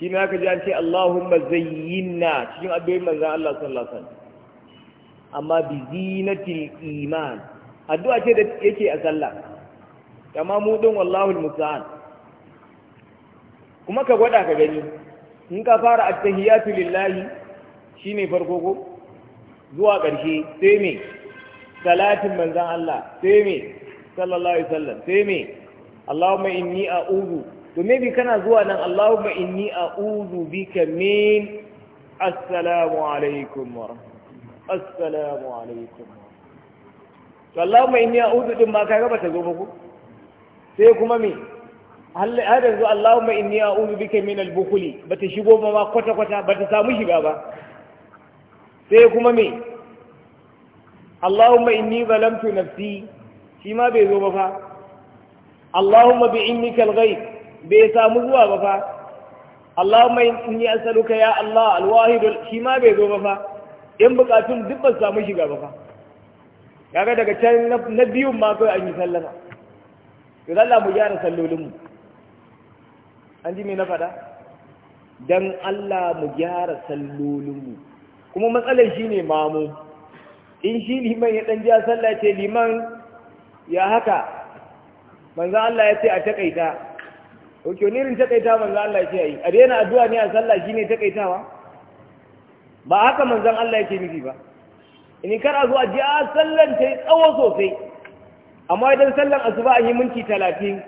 شما كجان شيء اللهم زينا شما أبين من ذا الله صلى الله عليه وسلم أما بزينة الإيمان الدعاء يكي أسلا كما مودون والله المستعان kuma ka gwada ka gani in ka fara at-tahiyatu lillahi shine farko ko zuwa ƙarshe sai me salatin manzan Allah sai me sallallahu alaihi wasallam sai me Allahumma inni a'udhu to me bi kana zuwa nan Allahumma inni a'udhu bika min assalamu alaikum wa assalamu alaikum to Allahumma inni a'udhu din ma kaga bata zo ba ko sai kuma me har yanzu Allahumma inni a'udhu bika min al-bukhli bata shigo ba ma kwata kwata bata samu shiga ba sai kuma me Allahumma inni zalamtu nafsi shi ma bai zo ba fa Allahumma bi innaka al-ghaib bai samu zuwa ba fa Allahumma inni as'aluka ya Allah al-wahid shi ma bai zo ba fa in bukatun duk ba samu shiga ba fa kaga daga can na biyun ma kai an yi sallama to Allah mu gyara sallolin mu an ji me na faɗa dan Allah mu gyara sallolin mu kuma matsalar shi ne mamu in shi liman ya ɗan jiya, sallah ce liman ya haka manzan Allah ya ce a taƙaita ok nirin taƙaita manzan Allah ya ce a yi a daina addu'a ne a sallah shi ne taƙaitawa ba haka manzan Allah ya ce nufi ba in kar a zo a ji a sallan ta yi tsawo sosai amma idan sallan asuba a yi minti talatin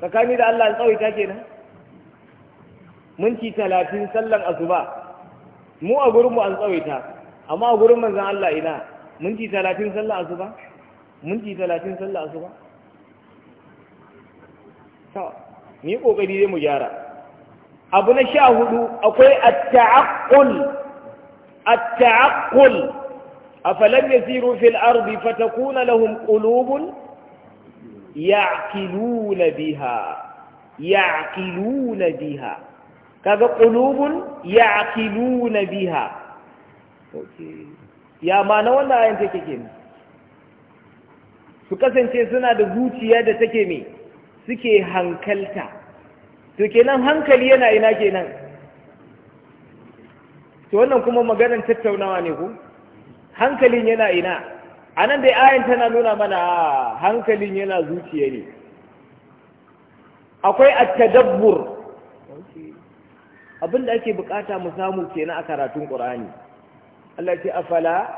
tsakani da Allah tsawaita kenan minti talatin sallan asuba mu a gurin an tsawaita amma a gurin manzon Allah ina minti talatin sallah asuba minti talatin sallah asuba ni kokari dai mu gyara abu na sha hudu akwai at-ta'aqqul at-ta'aqqul afalam yasiru fil ardi fatakuna lahum qulubun ya'qiluna biha ya'qiluna biha kaga qulubun ya'qiluna biha ya mana wannan ayan take ke ne su kasance suna da zuciya da take me suke hankalta to kenan hankali yana ina kenan to wannan kuma maganar tattaunawa ne ko hankalin yana ina a nan dai ayan tana nuna mana ah, hankalin yana zuciya ne akwai tadabbur abin da ake bukata mu samu kenan a karatun ƙur'ani Allah ce a fala.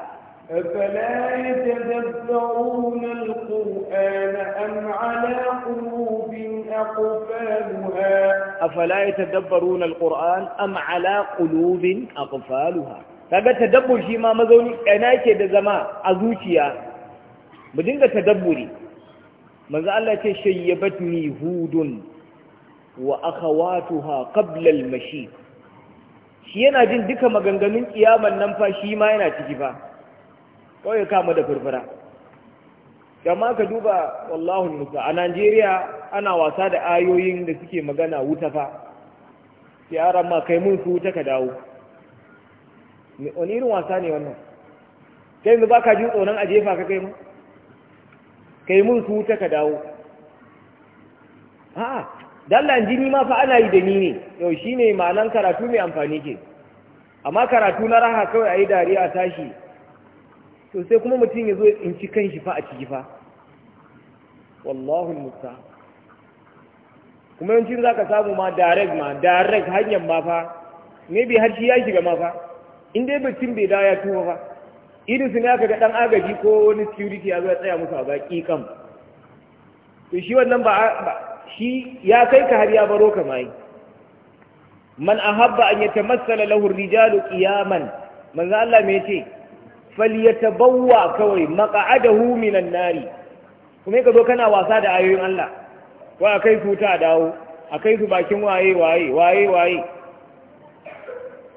afala أفلا يتدبرون القرآن أم على قلوب أقفالها أفلا يتدبرون القرآن أم على قلوب أقفالها kaga tadabbur shi ma mazauni kana ke da zama a zuciya mu dinga tadabburi manzo Allah ce ni hudun wa akhawatuha qabla al-mashi shi yana jin duka maganganun kiyaman nan fa shi ma yana ciki fa kawai kama da furfura Gama ka duba wallahu musa a Najeriya ana wasa da ayoyin da suke magana wuta fa sai ma kai mun su wuta ka dawo wani irin wasa ne wannan kai yanzu baka jin tsoron a jefa ka kai mu kai mun su wuta ka dawo a'a dallan jini ma fa ana yi da ni ne yau shi ne ma'anan karatu mai amfani ke amma karatu na raha kawai a yi dariya tashi to sai kuma mutum ya zo in ci kan shi fa a ciki fa wallahu Musa. kuma yawancin za ka samu ma direct ma direct hanyar ma fa maybe har shi ya shiga ma fa in dai mutum bai dawo ya tuba fa irin su ne aka ga dan agaji ko wani security ya zo ya tsaya musu a baki kam to shi wannan ba shi ya kai ka har ya baro ka mai man ahabba an yatamassala lahu rijalu qiyaman manzo Allah me yace falyatabawwa kawai maq'adahu minan nari kuma ka zo kana wasa da ayoyin Allah wa kai su ta dawo akai su bakin waye waye waye waye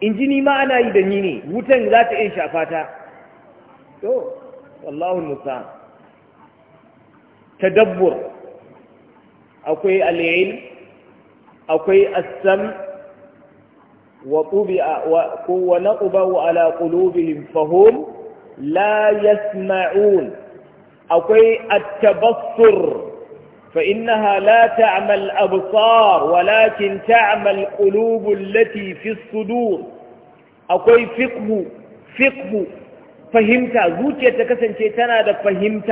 injini ma ana yi da ni ne wutan za ta iya shafa ta to wallahu musta tadabbur akwai al'ilm akwai assam wa naqubahu ala qulubihim fahum la yasma'un akwai at-tabassur فإنها لا تعمى الأبصار ولكن تعمى القلوب التي في الصدور أقول فقه فقه فهمت زوجية تكسن شيطانا دا فهمت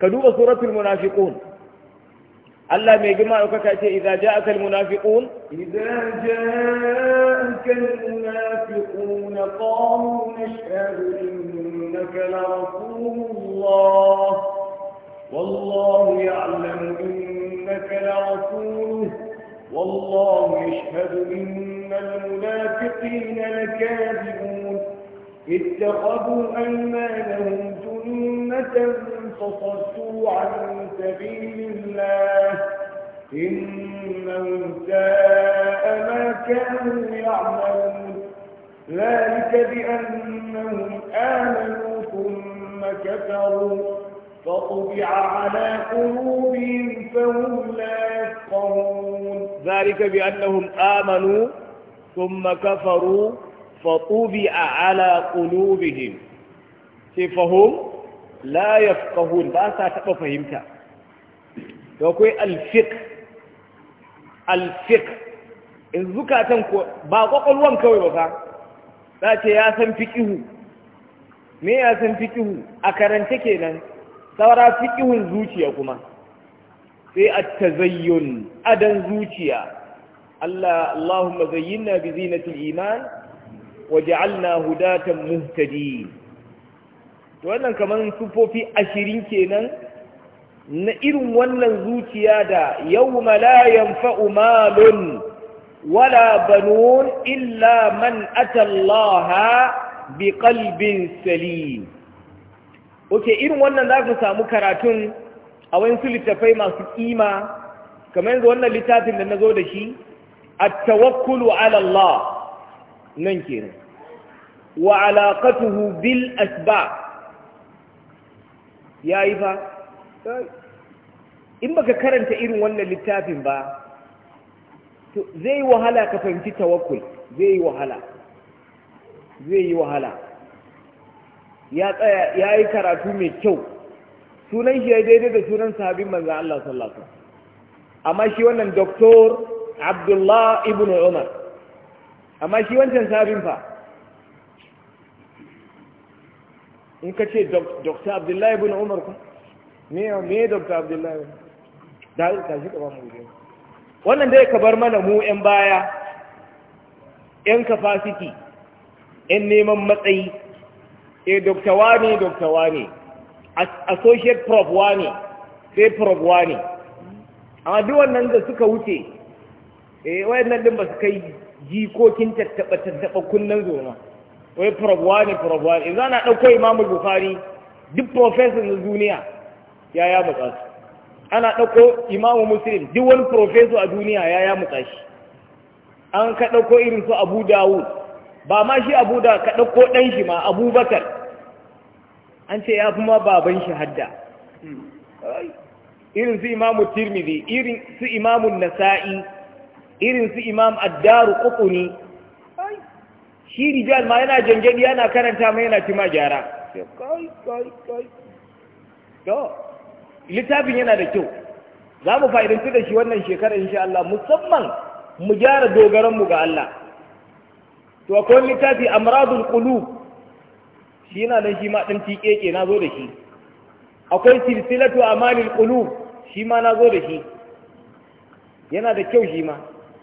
كدوب سورة المنافقون ألا ميجمع وكاكاك إذا جاءك المنافقون إذا جاءك المنافقون قاموا نشهد إنك لرسول الله والله يعلم إنك لرسوله والله يشهد إن المنافقين لكاذبون اتخذوا أيمانهم جنة فصدوا عن سبيل الله إنهم ساء ما كانوا يعملون ذلك بأنهم آمنوا ثم كفروا فطبع على قلوبهم فهم لا يفقهون ذلك بأنهم آمنوا ثم كفروا فطبع على قلوبهم هم؟ la kahun ba sa taɓa fahimta to akwai alfik. in zukatan ko ba kwakwalwan kawai ba fa za ce ya san fiqihu me ya san fiqihu a karanta kenan saura fiƙihun zuciya kuma sai at-tazayyun adan zuciya Allah Allahumma zayyinna bi zinatil iman waj'alna hudatan muhtadin to wannan kamar sufofi ashirin kenan na irin wannan zuciya da yau malayan yanfa'u wala banun illa man atallaha bi kalbin salim oke irin wannan za ku samu karatun a wasu littafai masu kima kamar yanzu wannan littafin da na zo da shi a tawakkulu ala nan kenan wa alaqatuhu bil asbab ya yi fa in baka karanta irin wannan littafin ba zai yi wahala ka fahimci tawakkul zai yi wahala zai yi wahala ya tsaya ya yi karatu mai kyau sunan shi ya daidai da sunan sahabin manzan Allah sallallahu alaihi wasallam amma shi wannan doktor Abdullah ibn Umar amma shi wancan sahabin fa in ka ce dokta abdullahi bin umar ku me dokta abdullahi da ka shi kaba mu wannan dai ka bar mana mu 'yan baya 'yan kafasiti 'yan neman matsayi e eh, dokta wane dr wane associate prof ne? sai prof ne? amma duk wannan da suka wuce eh wayannan din ba su kai jikokin tattaba tattaba kunnen zoma wai farabuwa ne farabuwa ne za na ɗauko imamu bukhari duk profesor na duniya ya ya mutsa su ana ɗauko imamu muslim duk wani profesor a duniya ya ya mutsa shi an ka ɗauko irin su abu dawud ba ma shi abu da ka ɗauko ɗan shi ma abubakar an ce ya fi ma baban shi hadda irin su imamu tirmidhi irin su imamu nasa'i irin su imam addaru ƙuƙuni shi rijal ma yana jangadi yana karanta mai yana cima gyara kai kai kai to littafin yana da kyau za mu fa'idanci da shi wannan shekarar insha Allah musamman mu gyara dogaranmu mu ga Allah to akwai littafi amradul qulub shi yana da shi ma din tikeke na zo da shi akwai silsilatu amalil qulub shi ma na zo da shi yana da kyau shi ma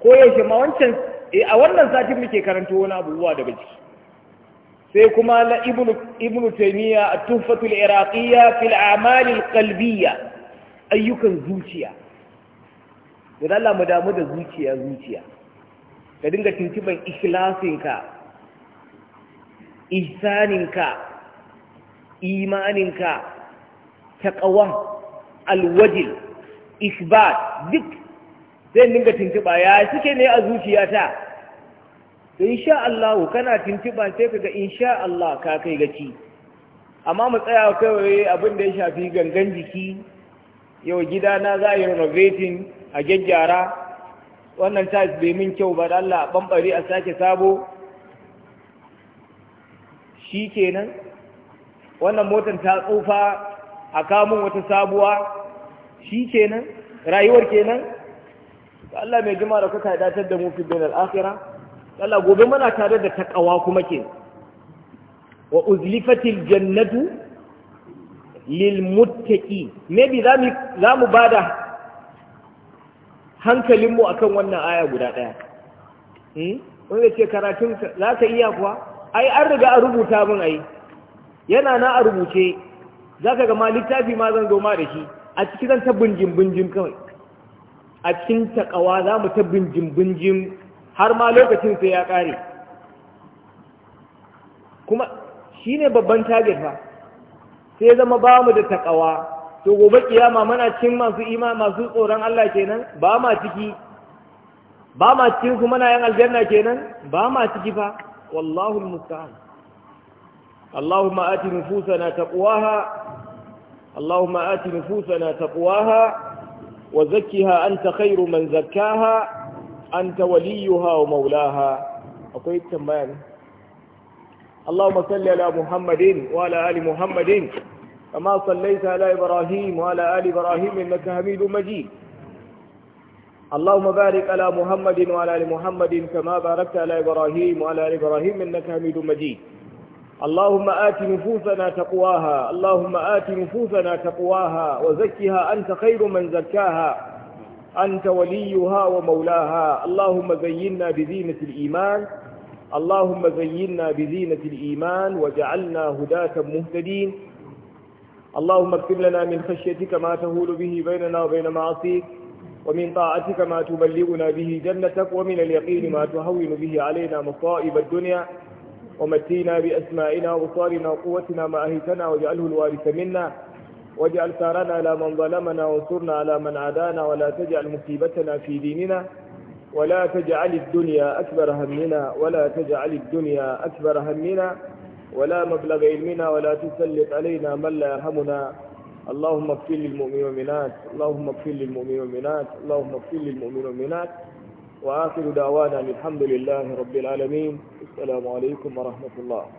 ko yaushe ma wancan eh a wannan satin muke karanto wani abubuwa daga ciki sai kuma na ibnu ibnu a at iraqiyya ayyukan zuciya dan mu damu da zuciya zuciya ka dinga tuntuban ikhlasinka ihsaninka imaninka taqawan alwajil isbat duk zai dinga tuntuɓa ya suke ne a zuciyata to insha Allah kana tuntuɓa sai kaga insha Allah ka kai gaci amma mu tsaya kawai abin da ya shafi gangan jiki yau gida na za a yi renovating a gyaggyara wannan tiles bai min kyau ba da Allah bambare a sake sabo shi kenan wannan motar ta tsufa a kamun wata sabuwa shi kenan rayuwar kenan Allah mai jima da kuka datar da mu fi bin al'akhira Allah gobe muna tare da takawa kuma ke wa uzlifatil jannatu lil muttaqi maybe zamu zamu bada hankalin mu akan wannan aya guda daya hmm wanda ce karatun za ka iya kuwa ai an riga a rubuta min ai yana na a rubuce Za ga ma littafi ma zan zo ma da shi a ciki zan ta bunjin bunjin kawai a cikin takawa za mu ta binjin-binjin har ma lokacin sai ya ƙare kuma shi ne babban target ba sai zama ba mu da takawa to gobe kiyama mana cin masu ima masu tsoron Allah kenan ba ma ciki ba ma cikin su mana yan aljanna kenan ba ma ciki fa wallahu musta'an Allahumma ati nufusana taqwaha Allahumma ati nufusana taqwaha وزكها أنت خير من زكاها أنت وليها ومولاها أقول تمام اللهم صل على محمد وعلى آل محمد كما صليت على إبراهيم وعلى آل إبراهيم إنك حميد مجيد اللهم بارك على محمد وعلى آل محمد كما باركت على إبراهيم وعلى آل إبراهيم إنك حميد مجيد اللهم آت نفوسنا تقواها اللهم آت نفوسنا تقواها وزكها أنت خير من زكاها أنت وليها ومولاها اللهم زينا بزينة الإيمان اللهم زينا بزينة الإيمان وجعلنا هداة مهتدين اللهم اكتب لنا من خشيتك ما تهول به بيننا وبين معصيك ومن طاعتك ما تبلغنا به جنتك ومن اليقين ما تهون به علينا مصائب الدنيا ومتينا بأسمائنا وأبصارنا وقوتنا ما أهيتنا واجعله الوارث منا واجعل ثارنا على من ظلمنا وانصرنا على من عادانا ولا تجعل مصيبتنا في ديننا ولا تجعل الدنيا أكبر همنا ولا تجعل الدنيا أكبر همنا ولا مبلغ علمنا ولا تسلط علينا من لا يرحمنا اللهم اغفر للمؤمنين والمؤمنات اللهم اغفر للمؤمنين والمؤمنات اللهم اغفر للمؤمنين والمؤمنات وآخر دعوانا الحمد لله رب العالمين السلام عليكم ورحمة الله